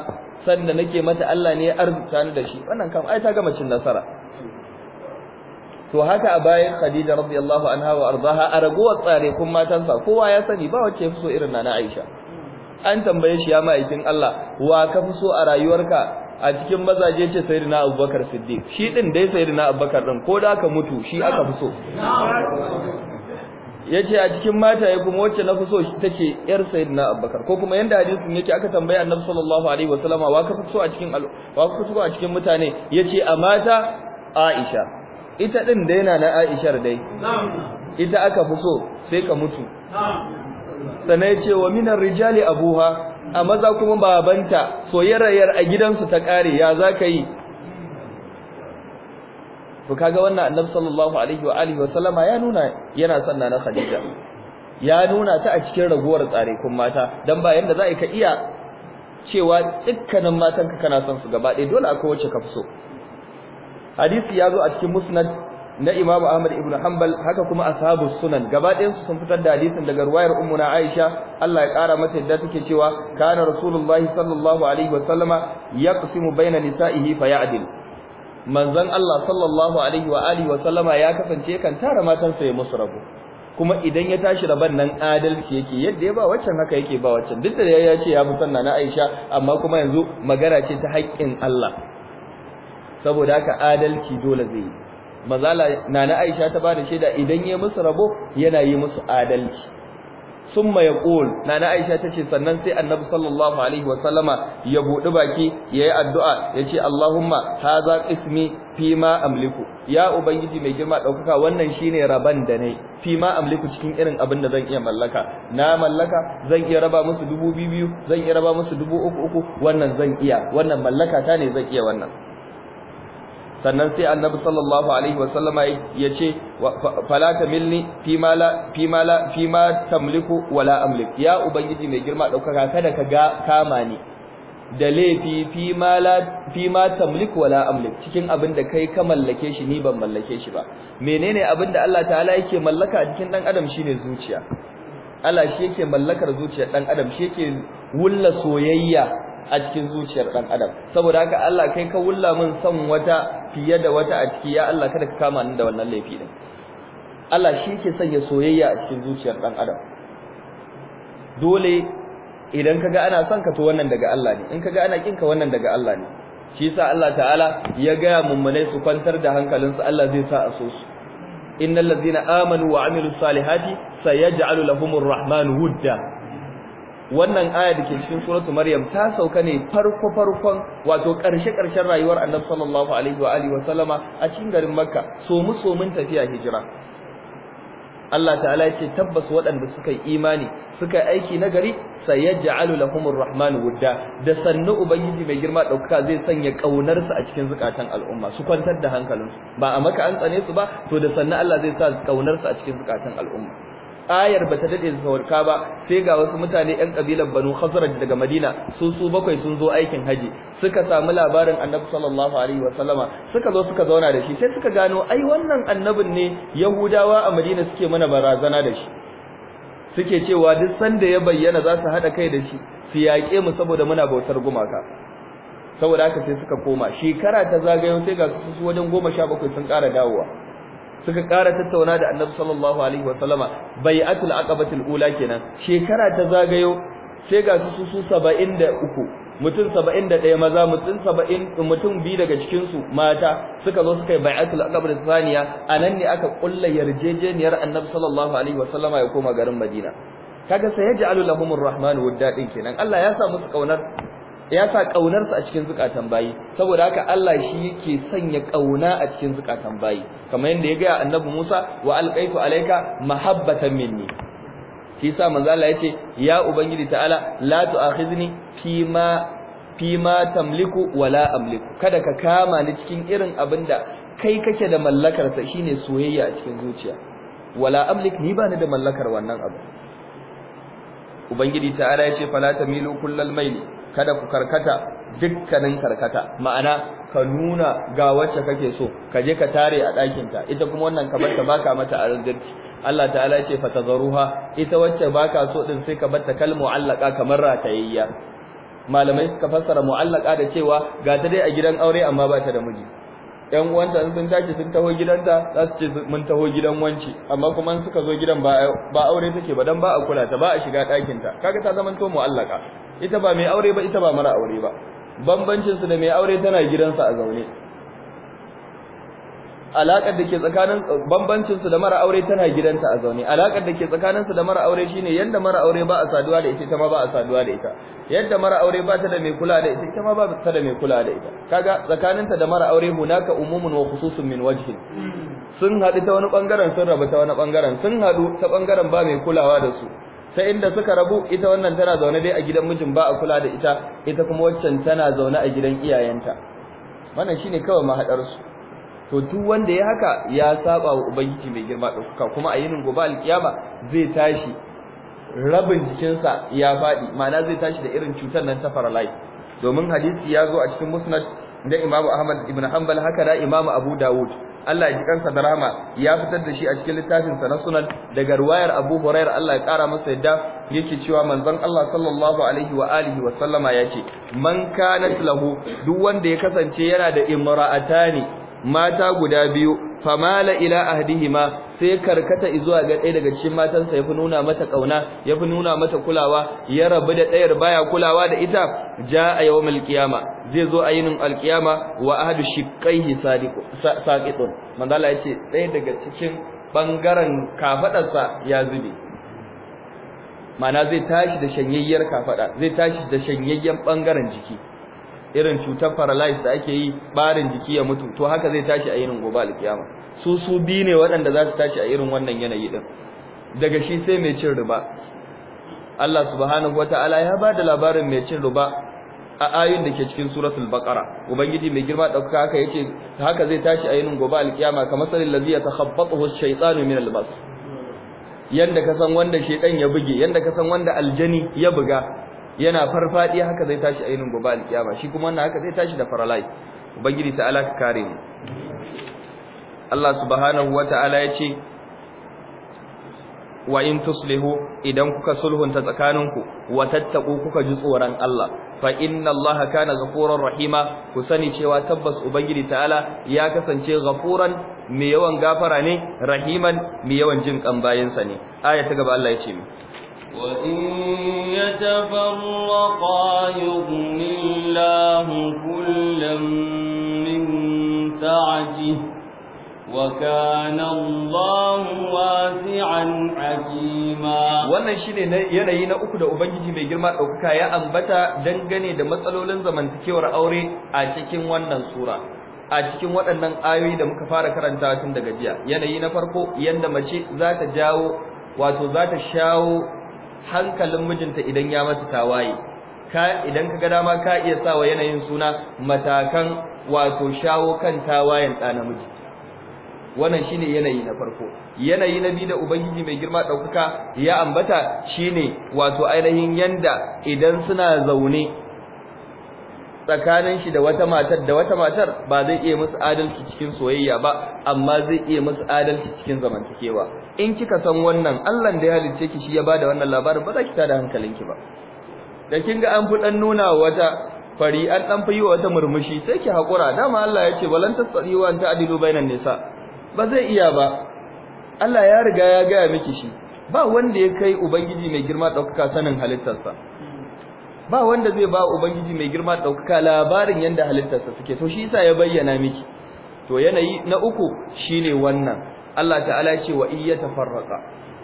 sannan nake mata Allah ne ya arzuta ni da shi wannan kam ai ta gama cin nasara to haka a bayan Khadija radiyallahu anha wa ardaha a raguwar tsare kun matansa kowa ya sani ba wacce ya fi so irin nana Aisha an tambaye shi ya ma'aikin Allah wa ka fi so a rayuwarka a cikin mazaje ce sayyidina Abubakar Siddiq shi din dai sayyidina Abubakar din ko da ka mutu shi aka fi so yace a cikin mataye kuma wacce na fi so tace yar sayyidina Abubakar ko kuma yanda hadisin yake aka tambaye Annabi sallallahu alaihi wasallama wa ka fi so a cikin wa ka fi so a cikin mutane yace a mata Aisha ita din da yana na Aisha dai ita aka fi so sai ka mutu sanai ce wa minar rijali abuha a maza kuma babanta soyayyar a gidansu ta kare ya zaka yi to kaga wannan annabi sallallahu alaihi wa alihi wa sallama ya nuna yana sanna na Khadija ya nuna ta a cikin raguwar tsare kun mata dan ba yanda za ka iya cewa dukkanin matanka kana son su gaba ɗaya dole akwai wacce ka fi so hadisi ya zo a cikin musnad na Imam Ahmad ibn Hanbal haka kuma ashabus sunan gabaɗayan su sun fitar da hadisin daga ruwayar ummuna Aisha Allah ya kara mata yadda take cewa kana rasulullahi sallallahu alaihi wa sallama yaqsimu baina nisa'ihi fa ya'dil manzon Allah sallallahu alaihi wa alihi wa sallama ya kasance kan tara matansa ya musu rabo kuma idan ya tashi raban nan adalci yake yadda ya ba waccan haka yake ba waccan duk da ya ce ya musanna na Aisha amma kuma yanzu magana ce ta haƙƙin Allah saboda haka adalci dole zai yi mazala nana Aisha ta bada shaida idan ya musu rabo yana yi musu adalci summa yaqul nana Aisha tace sannan sai Annabi sallallahu alaihi wasallama ya budi baki yayi addu'a yace Allahumma hadha ismi fima amliku ya ubangiji mai girma daukaka wannan shine raban da nayi fima amliku cikin irin abin da zan iya mallaka na mallaka zan iya raba musu dubu biyu zan iya raba musu dubu uku uku wannan zan iya wannan mallaka ta ne zan iya wannan sannan sai annabi sallallahu alaihi wasallama ya ce fala ta milni la ma la ma tamliku wala amlik ya ubangiji mai girma ɗaukaka, kada ka ga kama ni da laifi ma la ma tamliku wala amlik cikin abin da kai ka mallake shi ni ban mallake shi ba menene abin da Allah ta'ala yake mallaka cikin dan adam shine zuciya Allah shi yake mallakar zuciyar dan adam shi yake wulla soyayya a cikin zuciyar dan adam saboda haka Allah kai ka wulla min san wata fiye da wata a ciki ya Allah kada ka kama ni da wannan laifi din Allah shi yake sanya soyayya a cikin zuciyar dan adam dole idan kaga ana son ka to wannan daga Allah ne in kaga ana kin ka wannan daga Allah ne shi yasa Allah ta'ala ya ga mummunai su kwantar da hankalin hankalinsu Allah zai sa a so su innal ladzina amanu wa amilus salihati sayaj'alu lahumur rahmanu wudda wannan aya da ke cikin suratu maryam ta sauka ne farko farkon wato karshe karshen rayuwar annabi sallallahu alaihi wa alihi wa sallama a cikin garin makka somu somun tafiya hijira Allah ta'ala ya ce tabbas waɗanda suka yi imani suka yi aiki na gari sayaj'alu lahumur Rahman wudda da sannu ubangiji mai girma dauka zai sanya kaunar su a cikin zukatan al'umma su kwantar da hankalinsu ba a maka an tsane su ba to da sannu Allah zai sa kaunarsa a cikin zukatan al'umma ayar bata ta dade sauka ba sai ga wasu mutane ɗan kabilan Banu Khazraj daga Madina su su bakwai sun zo aikin haji suka samu labarin Annabi sallallahu alaihi wa suka zo suka zauna da shi sai suka gano ai wannan annabin ne Yahudawa a Madina suke mana barazana da shi suke cewa duk sanda ya bayyana za su haɗa kai da shi su yaƙe mu saboda muna bautar gumaka saboda haka sai suka koma shekara ta zagayo sai ga su wajen goma sha bakwai sun ƙara dawowa suka ƙara tattauna da annabi sallallahu alaihi wa sallama bai'atul aqabatul ula kenan shekara ta zagayo sai ga su su 73 mutum 71 maza mutum 70 mutum bi daga cikin su mata suka zo suka yi bai'atul aqabatul thaniya anan ne aka kulla yarjejeniyar annabi sallallahu alaihi wa sallama ya koma garin Madina kaga sai yaj'alu lahumur rahmanu wudda din kenan Allah ya sa musu kaunar ya sa kaunarsa a cikin zukatan bayi saboda haka Allah shi yake sanya kauna a cikin zukatan bayi kamar yadda ya ga annabi Musa wa alqaitu alayka mahabbatan minni shi yasa manzo Allah yace ya ubangiji ta'ala la tu'akhizni fi ma tamliku wala amliku kada ka kama ni cikin irin abinda kai kake da mallakarsa shine soyayya a cikin zuciya wala amlik ni ba ni da mallakar wannan abu ubangiji ta'ala ya ce fala tamilu kullal maili kada ku karkata dukkanin karkata ma'ana ka nuna ga wacce kake so ka je ka tare a ɗakinta ita kuma wannan ka barta baka mata arziki Allah ta'ala ce fatazaruha ita wacce baka so din sai ka barta kal allaka kamar ratayayya malamai suka fassara mu'allaka da cewa ga ta dai a gidan aure amma ba ta da miji yan uwanta in sun tashi sun taho gidanta za su ce mun taho gidan wanci amma kuma in suka zo gidan ba ba aure take ba dan ba a kula ta ba a shiga ɗakin ta kaga ta zaman to mu'allaka ita ba mai aure ba ita ba mara aure ba bambancin su da mai aure tana gidansa a zaune alaƙar da ke tsakanin bambancin su da mara aure tana gidanta a zaune alaƙar da ke tsakanin su da mara aure shine yanda mara aure ba a saduwa da ita ita ma ba a saduwa da ita yadda mara aure ba ta da mai kula da ita ita ma ba ta da mai kula da ita kaga tsakaninta da mara aure hunaka umumun wa khususun min wajhin sun haɗu ta wani bangaren sun rabu ta wani bangaren sun haɗu ta bangaren ba mai kulawa da su ta inda suka rabu ita wannan tana zaune dai a gidan mijin ba a kula da ita ita kuma waccan tana zaune a gidan iyayenta wannan shine kawai mahaɗarsu to duk wanda ya haka ya saba wa ubangiji mai girma ɗaukaka kuma a yinin gobe alkiyama zai tashi rabin jikinsa ya faɗi ma'ana zai tashi da irin cutar nan ta faralai domin hadisi ya zo a cikin musnad da Imam ahmad ibn hanbal haka da Imam abu dawud Allah ya ji kansa da rahama ya fitar da shi a cikin littafin sa na sunan daga ruwayar Abu Hurairah Allah ya kara masa yadda yake cewa manzon Allah sallallahu alaihi wa alihi wa sallama yace man kanat lahu duk wanda ya kasance yana da imra'atani mata guda biyu famala ila ahdihima sai karkata zuwa ga ɗaya daga cikin matansa yafi nuna mata kauna yafi nuna mata kulawa ya rabu da ɗayar baya kulawa da ita Ja a yawmal qiyama zai zo a yinin alqiyama wa ahdu shiqqaihi sadiqu saqitun manzala yace ɗaya daga cikin bangaren kafadarsa ya zube mana zai tashi da shanyayyar kafada zai tashi da shanyayyen bangaren jiki irin cutar paralyze da ake yi barin jiki ya mutu to haka zai tashi a irin gobe alkiyama su su bi ne waɗanda za su tashi a irin wannan yanayi din daga shi sai mai cin riba Allah subhanahu wataala ya bada labarin mai cin riba a ayoyin da ke cikin suratul baqara ubangiji mai girma dauka haka yace haka zai tashi a irin gobe alkiyama kamar salil ladzi yatakhabbathu ash-shaytanu min al-bas yanda ka san wanda shedan ya buge yanda ka san wanda aljani ya buga yana farfadiya haka zai tashi ainin gobe alkiyama shi kuma wannan haka zai tashi da faralai ubangiji ta'ala ka kare mu Allah subhanahu wata'ala ya wa in tuslihu idan kuka sulhunta tsakaninku wa tattaku kuka ji tsoron Allah fa inna Allah kana ghafurar rahima ku sani cewa tabbas ubangiji ta'ala ya kasance ghafuran mai yawan gafara ne rahiman mai yawan jin kan bayinsa ne aya ta gaba Allah ya ce mi وكان الله واسعا حكيما wannan shine yanayi na uku da ubangiji mai girma ɗaukuka ya ambata dangane da matsalolin zamantakewar aure a cikin wannan sura a cikin waɗannan ayoyi da muka fara karanta tun daga jiya yanayi na farko yanda mace za ta jawo wato za ta shawo hankalin mijinta idan ya mata tawaye ka idan ka ga dama ka iya sawa yanayin suna matakan wato shawo kan tawayen ɗa namiji wannan shine yanayi na farko yanayi na biyu da ubangiji mai girma ɗaukaka ya ambata shine wato ainihin yanda idan suna zaune tsakanin shi da wata matar da wata matar ba zai iya musu adalci cikin soyayya ba amma zai iya musu adalci cikin zamantakewa in kika san wannan Allah da ya halicce ki shi ya bada wannan labarin ba za ki tada hankalinki ba da kin ga an fi dan nuna wata fari an dan fi wata murmushi sai ki hakura dama Allah ya ce walan wa anta adilu bainan nisa ba zai iya ba Allah ya riga ya gaya miki shi ba wanda ya kai ubangiji mai girma daukaka sanin halittarsa ba wanda zai ba ubangiji mai girma ɗaukaka labarin yadda halittarsa suke so shi yasa ya bayyana miki to yanayi na uku shine wannan Allah ta'ala ce wa iya tafarraqa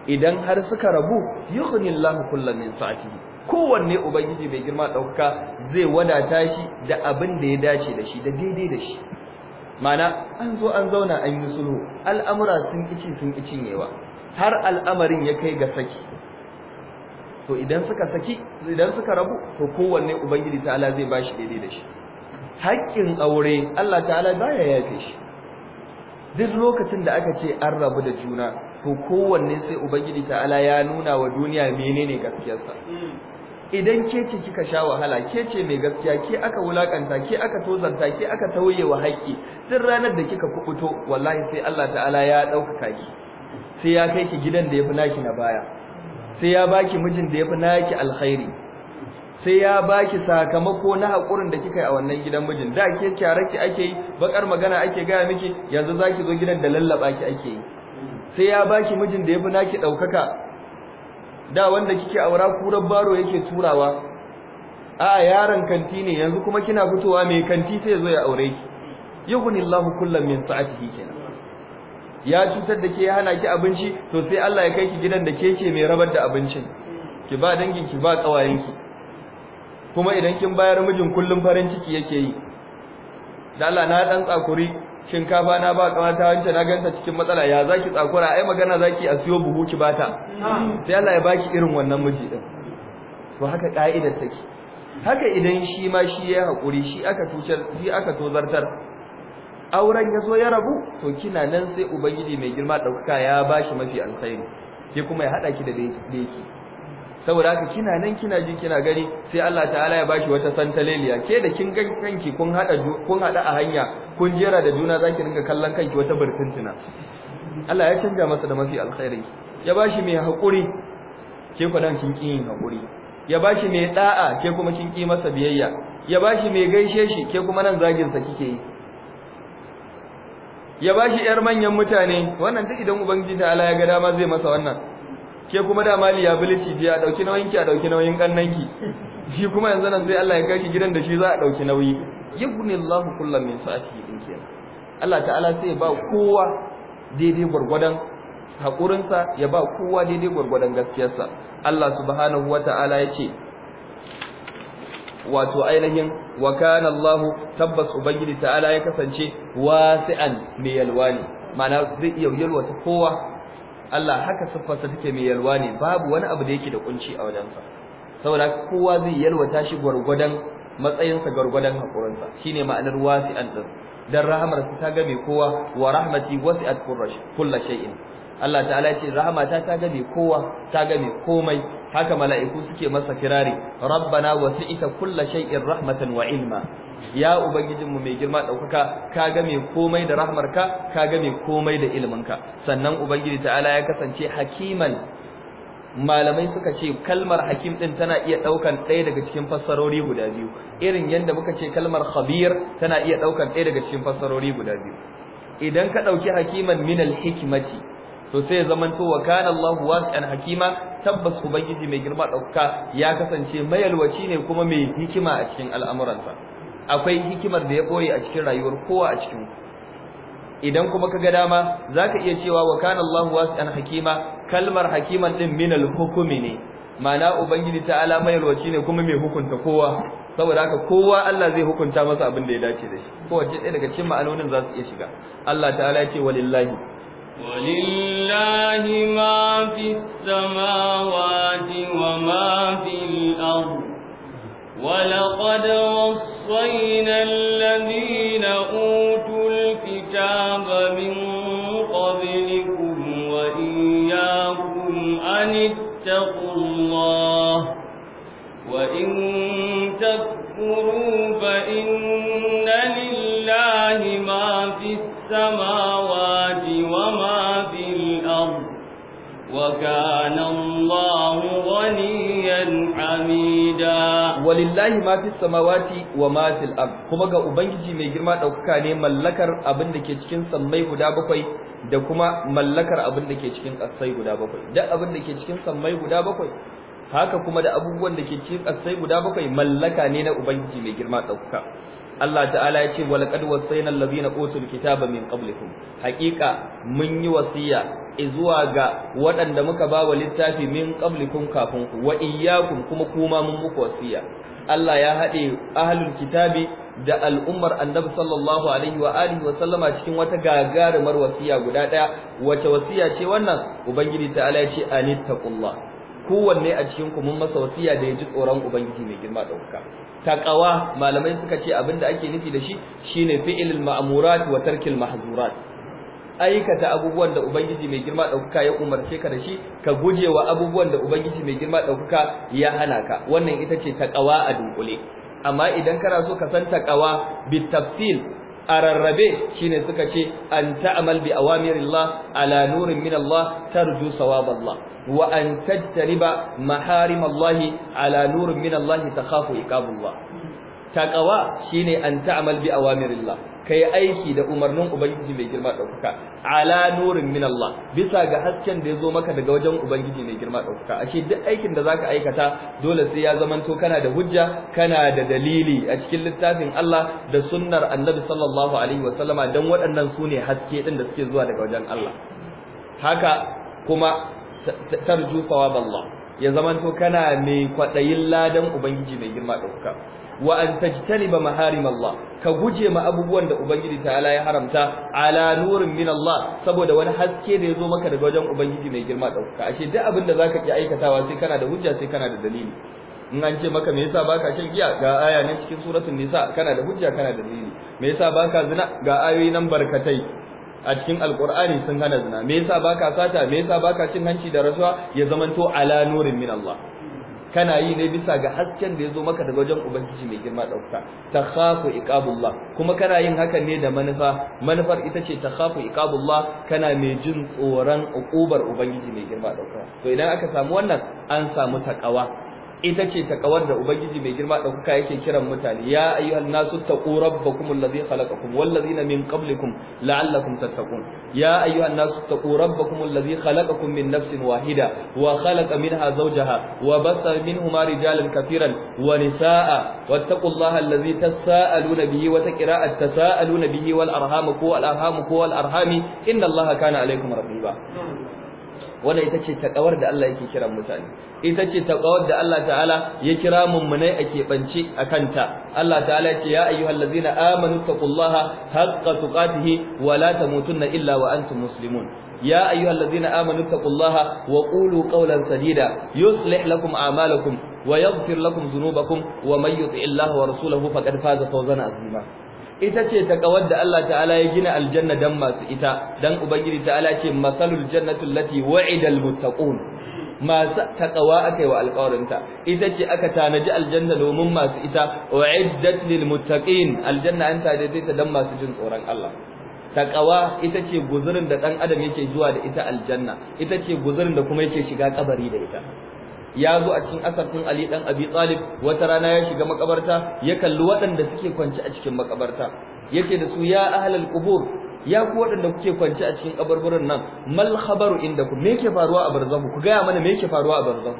idan har suka rabu yughni Allah kullam min sa'atihi kowanne ubangiji mai girma ɗaukaka zai wadata shi da abin da ya dace da shi da daidai da shi mana an zo an zauna an yi sulhu al'amura sun kici sun har al'amarin ya kai ga saki to idan suka saki idan suka rabu to kowanne ubangiji ta'ala zai bashi daidai da shi haƙƙin aure Allah ta'ala baya yafe shi duk lokacin da aka ce an rabu da juna to kowanne sai ubangiji ta'ala ya nuna wa duniya menene gaskiyarsa idan ke ce kika sha wahala ke ce mai gaskiya ke aka wulakanta ke aka tozanta ke aka tauye haƙƙi duk ranar da kika kubuto wallahi sai Allah ta'ala ya ɗaukaka ki sai ya kai ki gidan da yafi fi naki na baya sai ya baki mijin da yafi naki alkhairi sai ya baki sakamako na hakurin da kika a wannan gidan mijin da ke kyare ki ake yi bakar magana ake gaya miki yanzu zaki zo gidan da lallaba ki ake yi sai ya baki mijin da yafi naki daukaka da wanda kike aura kurar baro yake turawa a yaron kanti ne yanzu kuma kina fitowa mai kanti sai zo ya aure ki yughnillahu kullam min sa'atihi kenan ya cutar da ke ya hana ki abinci to sai Allah ya kai ki gidan da ke ke mai rabar da abincin ki ba dangin ki ba kawayen ki kuma idan kin bayar mijin kullun farin ciki yake yi da Allah na dan tsakuri shinkafa na ba kamata wance na ganta cikin matsala ya zaki tsakura ai magana zaki a siyo buhu ki bata sai Allah ya baki irin wannan miji din to haka ka'idar take haka idan shi ma shi ya hakuri shi aka tucar shi aka tozartar auren ya zo ya rabu to kina nan sai ubangiji mai girma dauka ya bashi mafi alkhairi ke kuma ya haɗa ki da deki saboda haka kina nan kina ji kina gani sai Allah ta'ala ya bashi wata santaleliya ke da kin gan kanki kun hada kun hada a hanya kun jera da juna zaki dinga kallon kanki wata burtuntuna Allah ya canja masa da mafi alkhairi ya bashi mai hakuri ke ku dan kin yin hakuri ya bashi mai da'a ke kuma kin ki masa biyayya ya bashi mai gaishe shi ke kuma nan zagin sa kike yi ya ba bashi yar manyan mutane wannan duk idan ubangiji ta Allah ya ga dama zai masa wannan ke kuma da mali ya bilici biya dauki nauyin ki a dauki nauyin ki shi kuma yanzu nan zai Allah ya kai gidan da shi za a dauki nauyi yabni Allahu kullam min sa'ati in kenan Allah ta'ala sai ya ba kowa daidai gurgurdan hakurinsa ya ba kowa daidai gurgurdan gaskiyarsa Allah subhanahu wata'ala ya ce wato ainihin wa kana Allah tabbas ubangiji ta'ala ya kasance wasi'an mai yalwa ne ma'ana zai iya yalwa ta kowa Allah haka siffarsa take mai yalwa babu wani abu da yake da kunci a wajensa saboda kowa zai yalwata shi gwargwadon matsayinsa gwargwadon hakurinsa shine ma'anar wasi'an din dan rahamar ta ga mai kowa wa rahmati wasi'at kullu shay'in Allah ta'ala ya ce rahmata ta game kowa ta game komai haka mala'iku suke masa kirari rabbana wasi'ita kulla shay'in rahmatan wa ilma ya ubangijinmu mai girma daukaka ka game komai da rahmarka ka game komai da ilminka sannan ubangiji ta'ala ya kasance hakiman malamai suka ce kalmar hakim din tana iya daukan ɗaya daga cikin fassarori guda biyu irin yadda muka ce kalmar khabir tana iya daukan ɗaya daga cikin fassarori guda biyu idan ka dauki hakiman minal al hikmati to sai ya zamanto wa kana Allah wasi'an hakima tabbas ubangiji mai girma dauka ya kasance mayalwaci ne kuma mai hikima a cikin al'amuransa akwai hikimar da ya boye a cikin rayuwar kowa a cikin idan kuma kaga dama zaka iya cewa wa kana Allah wasi'an hakima kalmar hakiman din min al-hukmi ne ma'ana ubangiji ta'ala mayalwaci ne kuma mai hukunta kowa saboda haka kowa Allah zai hukunta masa abin da ya dace da shi kowace ɗaya daga cikin ma'anonin za su iya shiga Allah ta'ala ya ce walillahi ولله ما في السماوات وما في الأرض ولقد وصينا walillahi ma fi samawati wa ma fil ard kuma ga ubangiji mai girma daukaka ne mallakar abin da ke cikin sammai guda bakwai da kuma mallakar abin da ke cikin ƙasai guda bakwai duk abin da ke cikin sammai guda bakwai haka kuma da abubuwan da ke cikin ƙasai guda bakwai mallaka ne na ubangiji mai girma daukaka Allah ta'ala ya ce wa laqad wasayna allazina utul kitaba min qablikum haqiqa mun yi wasiya zuwa ga waɗanda muka ba wa littafi min qablikum kafin ku wa iyyakum kuma kuma mun muku wasiya Allah ya haɗe ahlul kitabi da al'ummar annabi sallallahu alaihi wa alihi wa cikin wata gagarumar wasiya guda ɗaya wace wasiya ce wannan ubangiji ta ala ce anittaqullah kowanne a cikin ku masa wasiya da ya ji tsoron ubangiji mai girma Ta taqawa malamai suka ce abin da ake nufi da shi shine fi'ilul ma'murat wa tarkil mahzurat aikata abubuwan da ubangiji mai girma ɗaukaka ya umarce ka da shi ka guje wa abubuwan da ubangiji mai girma ɗaukaka ya hana ka wannan ita ce ƙawa a dunkule amma idan kana so ka san taqawa bi tafsil a rarrabe shine suka ce an ta'amal bi awamirillah ala nurin min Allah tarju sawaballah wa an tajtaniba maharimallah ala nurin min Allah takhafu iqabullah taqawa shine an ta'amal bi awamirillah ka aiki da umarnin ubangiji mai girma ɗaukaka ala nurin min Allah bisa ga hasken da ya zo maka daga wajen ubangiji mai girma ɗaukaka ashe duk aikin da zaka aikata dole sai ya zamanto kana da hujja kana da dalili a cikin littafin Allah da sunnar annabi sallallahu alaihi wasallama dan waɗannan sune haske ɗin da suke zuwa daga wajen Allah haka kuma tarju sawab Allah ya zamanto kana mai kwaɗayin ladan ubangiji mai girma ɗaukaka wa an tajtaniba maharim Allah ka guje ma abubuwan da ubangiji ta'ala ya haramta ala nurin min Allah saboda wani haske da yazo maka daga wajen ubangiji mai girma dauka ashe duk abin da zaka ki aikatawa sai kana da hujja sai kana da dalili in an ce maka me yasa baka shan giya ga aya nan cikin suratul nisa kana da hujja kana da dalili me yasa baka zina ga ayoyi nan barkatai a cikin alqur'ani sun hana zina me yasa baka sata me yasa baka cin hanci da rasuwa ya zamanto ala nurin min Allah kana yi ne bisa ga hasken da ya zo maka daga wajen ubangiji mai girma ɗauka ta khafu iqabullah kuma kana yin hakan ne da manufa manufar ita ce ta khafu iqabullah kana mai jin tsoron uqubar ubangiji mai girma ɗauka to idan aka samu wannan an samu takawa ita ce ta kawar da ubangiji mai girma da ɗaukaka yake kiran mutane ya ayyuhan nasu taqu rabbakum allazi khalaqakum wal ladzina min qablikum la'allakum tattaqun ya ayyuhan nasu taqu rabbakum allazi khalaqakum min nafsin wahida wa khalaqa minha zawjaha wa batha minhuma rijalan katiran wa nisaa wattaqullaha allazi tasaaluna bihi wa taqra'at tasaaluna bihi wal arham ku al arham ku wal arhami inna allaha kana alaykum raqiba wanda ita ce taƙawar da Allah yake kiran mutane ita ce taƙawar da Allah ta'ala ya kira mummunai a keɓance a kanta Allah ta'ala ya ce ya ayyuha allazina amanu taqullaha haqqa tuqatihi wa la tamutunna illa wa antum muslimun ya ayyuha allazina amanu taqullaha wa qulu qawlan sadida yuslih lakum a'malakum wa yaghfir lakum dhunubakum wa may yuti illaha wa rasulahu faqad faza fawzan 'azima ita ce takawar da Allah ta'ala ya gina aljanna dan masu ita dan ubangiji ta'ala ce masalul jannatu lati wa'ida almuttaqun masu takawa akai wa alƙawarinta ita ce aka tanaji aljanna domin masu ita wa'iddat muttaqin aljanna an tanaje ta dan masu jin tsoron Allah takawa ita ce guzurin da dan adam yake zuwa da ita aljanna ita ce guzurin da kuma yake shiga kabari da ita ya zo a cikin asafin Ali dan Abi Talib wata rana ya shiga makabarta ya kalli waɗanda suke kwance a cikin makabarta yace da su ya ahlal qubur ya ku waɗanda kuke kwance a cikin kabarburan nan mal khabaru indakum me yake faruwa a barzahu ku gaya mana me yake faruwa a barzahu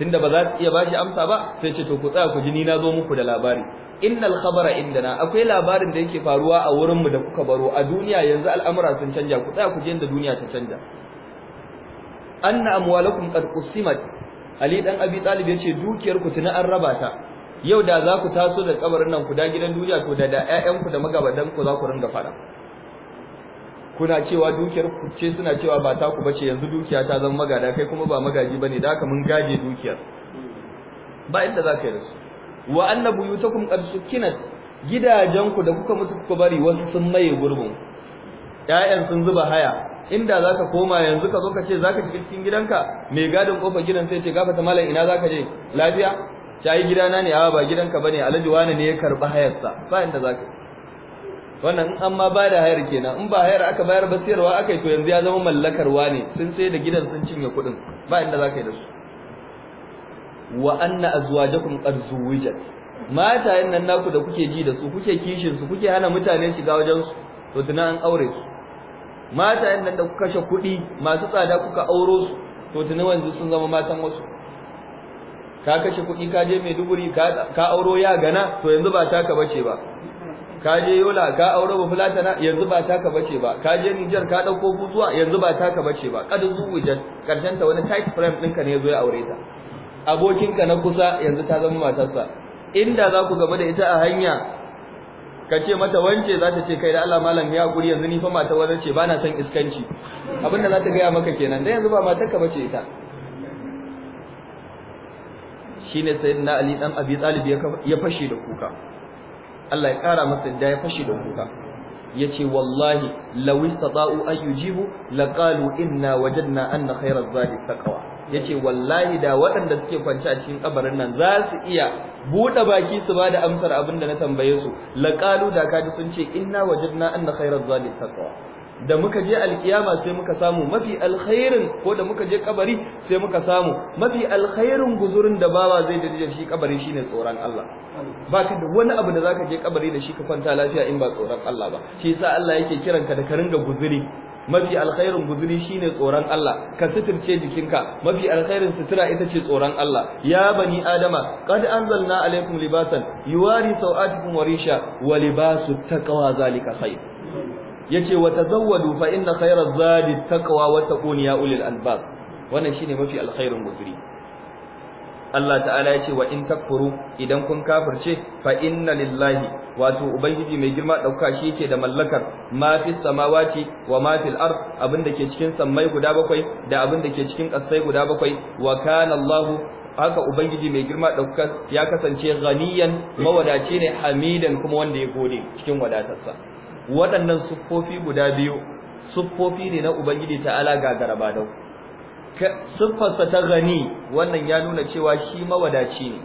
tunda ba za su iya bashi amsa ba sai ce to ku tsaya ku ji ni na zo muku da labari innal khabara indana akwai labarin da yake faruwa a wurin mu da kuka baro a duniya yanzu al'amura sun canja ku tsaya ku ji yanda duniya ta canja anna amwalakum qad qusimat ali dan abi talib yace dukiyar ku tuna an raba ta yau da za ku taso da kabarin nan ku da gidan duniya to da da ƴaƴan ku da magabadan ku za ku ringa fara kuna cewa dukiyar ku ce suna cewa ba ta ku bace yanzu dukiya ta zama magada kai kuma ba magaji bane da haka mun gaje dukiyar ba inda za ka yi rasu wa anna buyutakum qad sukinat gidajen ku da kuka mutu kuka bari wasu sun maye gurbin ƴaƴan sun zuba haya inda zaka koma yanzu ka zo ka ce zaka ji cikin gidanka mai gadin kofar gidan sai ce gafata malam ina zaka je lafiya shayi gidana ne awa ba gidanka bane alhaji wani ne ya karba hayarsa ba inda zaka wannan in an ma ba da hayar kenan in ba hayar aka bayar ba sayarwa aka yi to yanzu ya zama mallakarwa ne sun sai da gidan sun cinye kuɗin ba inda zaka yi da su wa anna azwajakum qad zuwijat matayen nan naku da kuke ji da su kuke kishin su kuke hana mutane shiga wajen su to tunan an aure su matayen nan da kuka kashe kuɗi masu tsada kuka auro su to tuni wanzu sun zama matan wasu ka kashe kuɗi ka je Maiduguri ka auro ya gana to yanzu ba taka bace ba ka je Yola ka auro ba na yanzu ba taka bace ba ka je Niger ka dauko butuwa yanzu ba taka bace ba kad zuwujat karshen ta wani tight frame ɗinka ne yazo ya aure ta abokinka na kusa yanzu ta zama matarsa inda za ku gaba da ita a hanya ka ce mata wance za ta ce kai da Allah malam ya guri yanzu ni fa mata wani ce ba na son iskanci abinda za ta gaya maka kenan dan yanzu ba matarka ba ce ita shine sayyidina Ali dan Abi Talib ya fashe da kuka Allah ya kara masa da ya fashe da kuka yace wallahi law istata'u an yujibu laqalu inna wajadna anna khayra zadi taqwa yace wallahi da waɗanda suke kwance a cikin kabarin nan za su iya buɗe baki su bada amsar abin da na tambaye su laqalu da kaji sun ce inna wajadna anna khairaz zalim taqwa da muka je alkiyama sai muka samu mafi alkhairin ko da muka je kabari sai muka samu mafi alkhairin guzurin da bawa zai da shi kabari shine tsoron Allah baka da wani abu da zaka je kabari da shi ka kwanta lafiya in ba tsoron Allah ba shi yasa Allah yake kiranka da ka ringa guzuri mafi alkhairin guzuri shine tsoron Allah ka suturce jikinka mafi alkhairin sutura ita ce tsoron Allah ya bani adama qad anzalna alaikum libasan yuwari sawatikum wa risha wa libasu taqwa zalika khair yace wa tazawwadu fa inna khayra zadi taqwa wa taqun ya ulil albab wannan shine mafi alkhairin guzuri Allah ta'ala ya ce wa in takfuru idan kun kafirce fa inna lillahi wato ubangiji mai girma dauka shi yake da mallakar ma fi samawati wa ma fil ard abin ke cikin sammai guda bakwai da abinda ke cikin kasai guda bakwai wa kana Allah haka ubangiji mai girma dauka ya kasance ghaniyan mawadaci ne hamidan kuma wanda ya gode cikin wadatarsa waɗannan siffofi guda biyu siffofi ne na ubangiji ta'ala ga garabadau siffarsa ta gani wannan ya nuna cewa shi mawadaci ne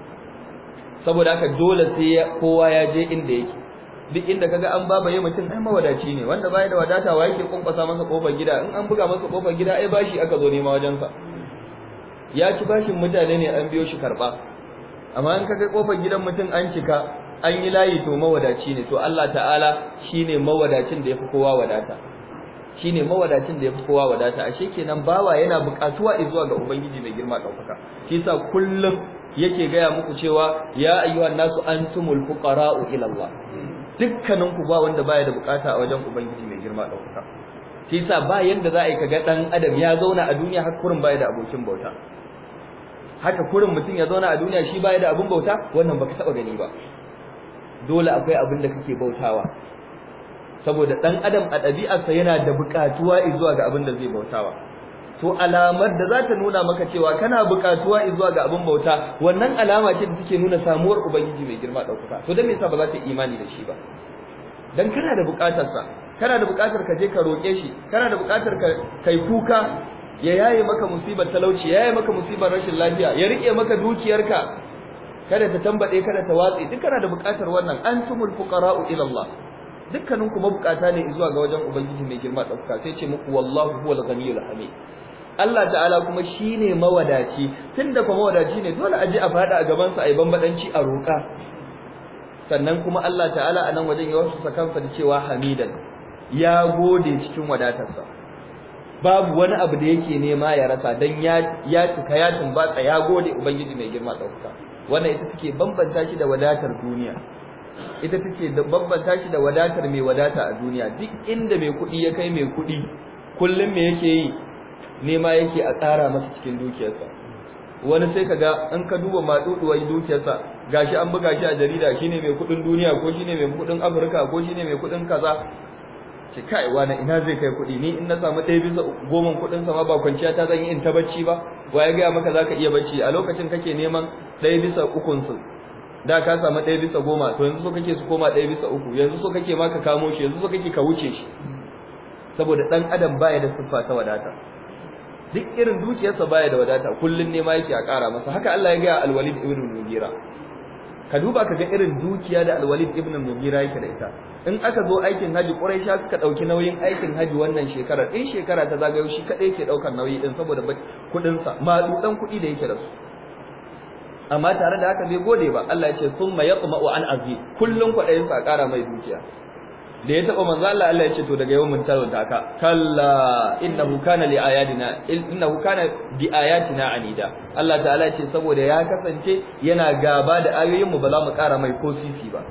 saboda haka dole sai kowa ya je inda yake duk inda kaga an babaye mutum ai mawadaci ne wanda baya da wadata wa yake kunkusa masa kofar gida in an buga masa kofar gida ai bashi aka zo nema wajen sa ya ci bashin mutane ne an biyo shi karba amma in kaga kofar gidan mutum an cika an yi layi to mawadaci ne to Allah ta'ala shine mawadacin da yafi kowa wadata shine mawadacin da yafi kowa wadata ashe kenan bawa yana bukatuwa zuwa ga ubangiji mai girma daukaka shi yasa kullum yake gaya muku cewa ya ayyuhan nasu antumul fuqara'u ila Allah dukkanin ku ba wanda baya da bukata a wajen ubangiji mai girma daukaka shi yasa ba yanda za a yi kaga dan adam ya zauna a duniya har kurin baya da abokin bauta haka kurin mutum ya zauna a duniya shi baya da abin bauta wannan baka taba gani ba dole akwai abin da kake bautawa saboda dan adam a ɗabi'arsa yana da buƙatuwa zuwa ga abin da zai bautawa to alamar da za ta nuna maka cewa kana buƙatuwa zuwa ga abin bauta wannan alama ce da take nuna samuwar ubangiji mai girma ɗaukaka to dan me yasa ba za ta imani da shi ba dan kana da buƙatarsa kana da buƙatar ka je ka roƙe shi kana da buƙatar ka kai kuka ya yaye maka musibar talauci ya yaye maka musibar rashin lafiya ya rike maka dukiyarka kada ta tambade kada ta watsi duk kana da bukatar wannan antumul fuqara'u ila Allah dukkanin ku mabukata ne zuwa ga wajen ubangiji mai girma ɗauka sai ce muku wallahu huwal ghaniyul hamid Allah ta'ala kuma shine mawadaci tunda kuma mawadaci ne dole a je a fada a gaban sa ayi bambadanci a roƙa sannan kuma Allah ta'ala a nan wajen ya wasu kansa da cewa hamidan ya gode cikin wadatarsa babu wani abu da yake nema ya rasa dan ya ya tuka ya tumbatsa ya gode ubangiji mai girma ɗauka wannan ita take bambanta shi da wadatar duniya ita take da babbanta shi da wadatar mai wadata a duniya duk inda mai kuɗi ya kai mai kuɗi kullum me yake yi nema yake a tsara masa cikin dukiyarsa wani sai kaga in ka duba maɗuɗuwar dukiyarsa gashi an buga shi a jarida shine mai kuɗin duniya ko shine mai kuɗin Afirka ko shine mai kuɗin kaza ce kai wani ina zai kai kuɗi ni in na samu ɗaya bisa goman kuɗin sama ba kwanciya ta zan yi in ta bacci ba wa ya gaya maka zaka iya bacci a lokacin kake neman ɗaya bisa ukun da ka samu ɗaya bisa goma to yanzu so kake su koma ɗaya bisa uku yanzu so kake ma ka kamo shi yanzu so kake ka wuce shi saboda ɗan adam baya da siffa ta wadata duk irin dukiyarsa baya da wadata kullum ne ma yake a ƙara masa haka Allah ya ga Al-Walid ibn Mughira ka duba ka ga irin dukiya da Al-Walid ibn Mughira yake da ita in aka zo aikin haji Quraisha suka ɗauki nauyin aikin haji wannan shekarar in shekara ta zagayo shi kadai yake daukar nauyi din saboda kudin sa ma ɗan kudi da yake da su amma tare da haka bai gode ba Allah yake summa yaqma'u an azi kullun kwadayin sa kara mai dukiya da ya taba manzo Allah Allah ya ce to daga yau mun da ka kalla innahu kana li ayatina innahu kana bi ayatina anida Allah ta'ala ya ce saboda ya kasance yana gaba da ayoyin mu ba za mu ƙara mai ko sisi ba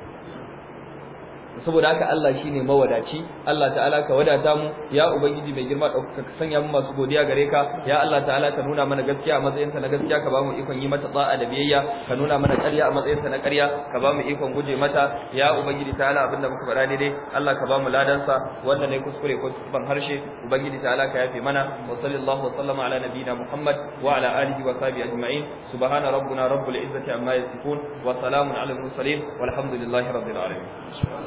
saboda haka Allah ne mawadaci Allah ta'ala ka wadata mu ya ubangiji mai girma dauka ka sanya mu masu godiya gare ka ya Allah ta'ala ka nuna mana gaskiya a matsayin ta na gaskiya ka ba mu ikon yi mata tsa'a da biyayya ka nuna mana ƙarya a matsayin ta na ƙarya ka ba mu ikon guje mata ya ubangiji ta'ala abinda muka faɗa ne dai Allah ka ba mu ladan sa wanda ne kuskure ko ban harshe ubangiji ta'ala ka yafe mana wa sallallahu wa sallama ala nabiyina Muhammad wa ala alihi wa sahbihi ajma'in subhana rabbuna rabbil izzati amma yasifun wa salamun ala al mursalin والحمد لله رب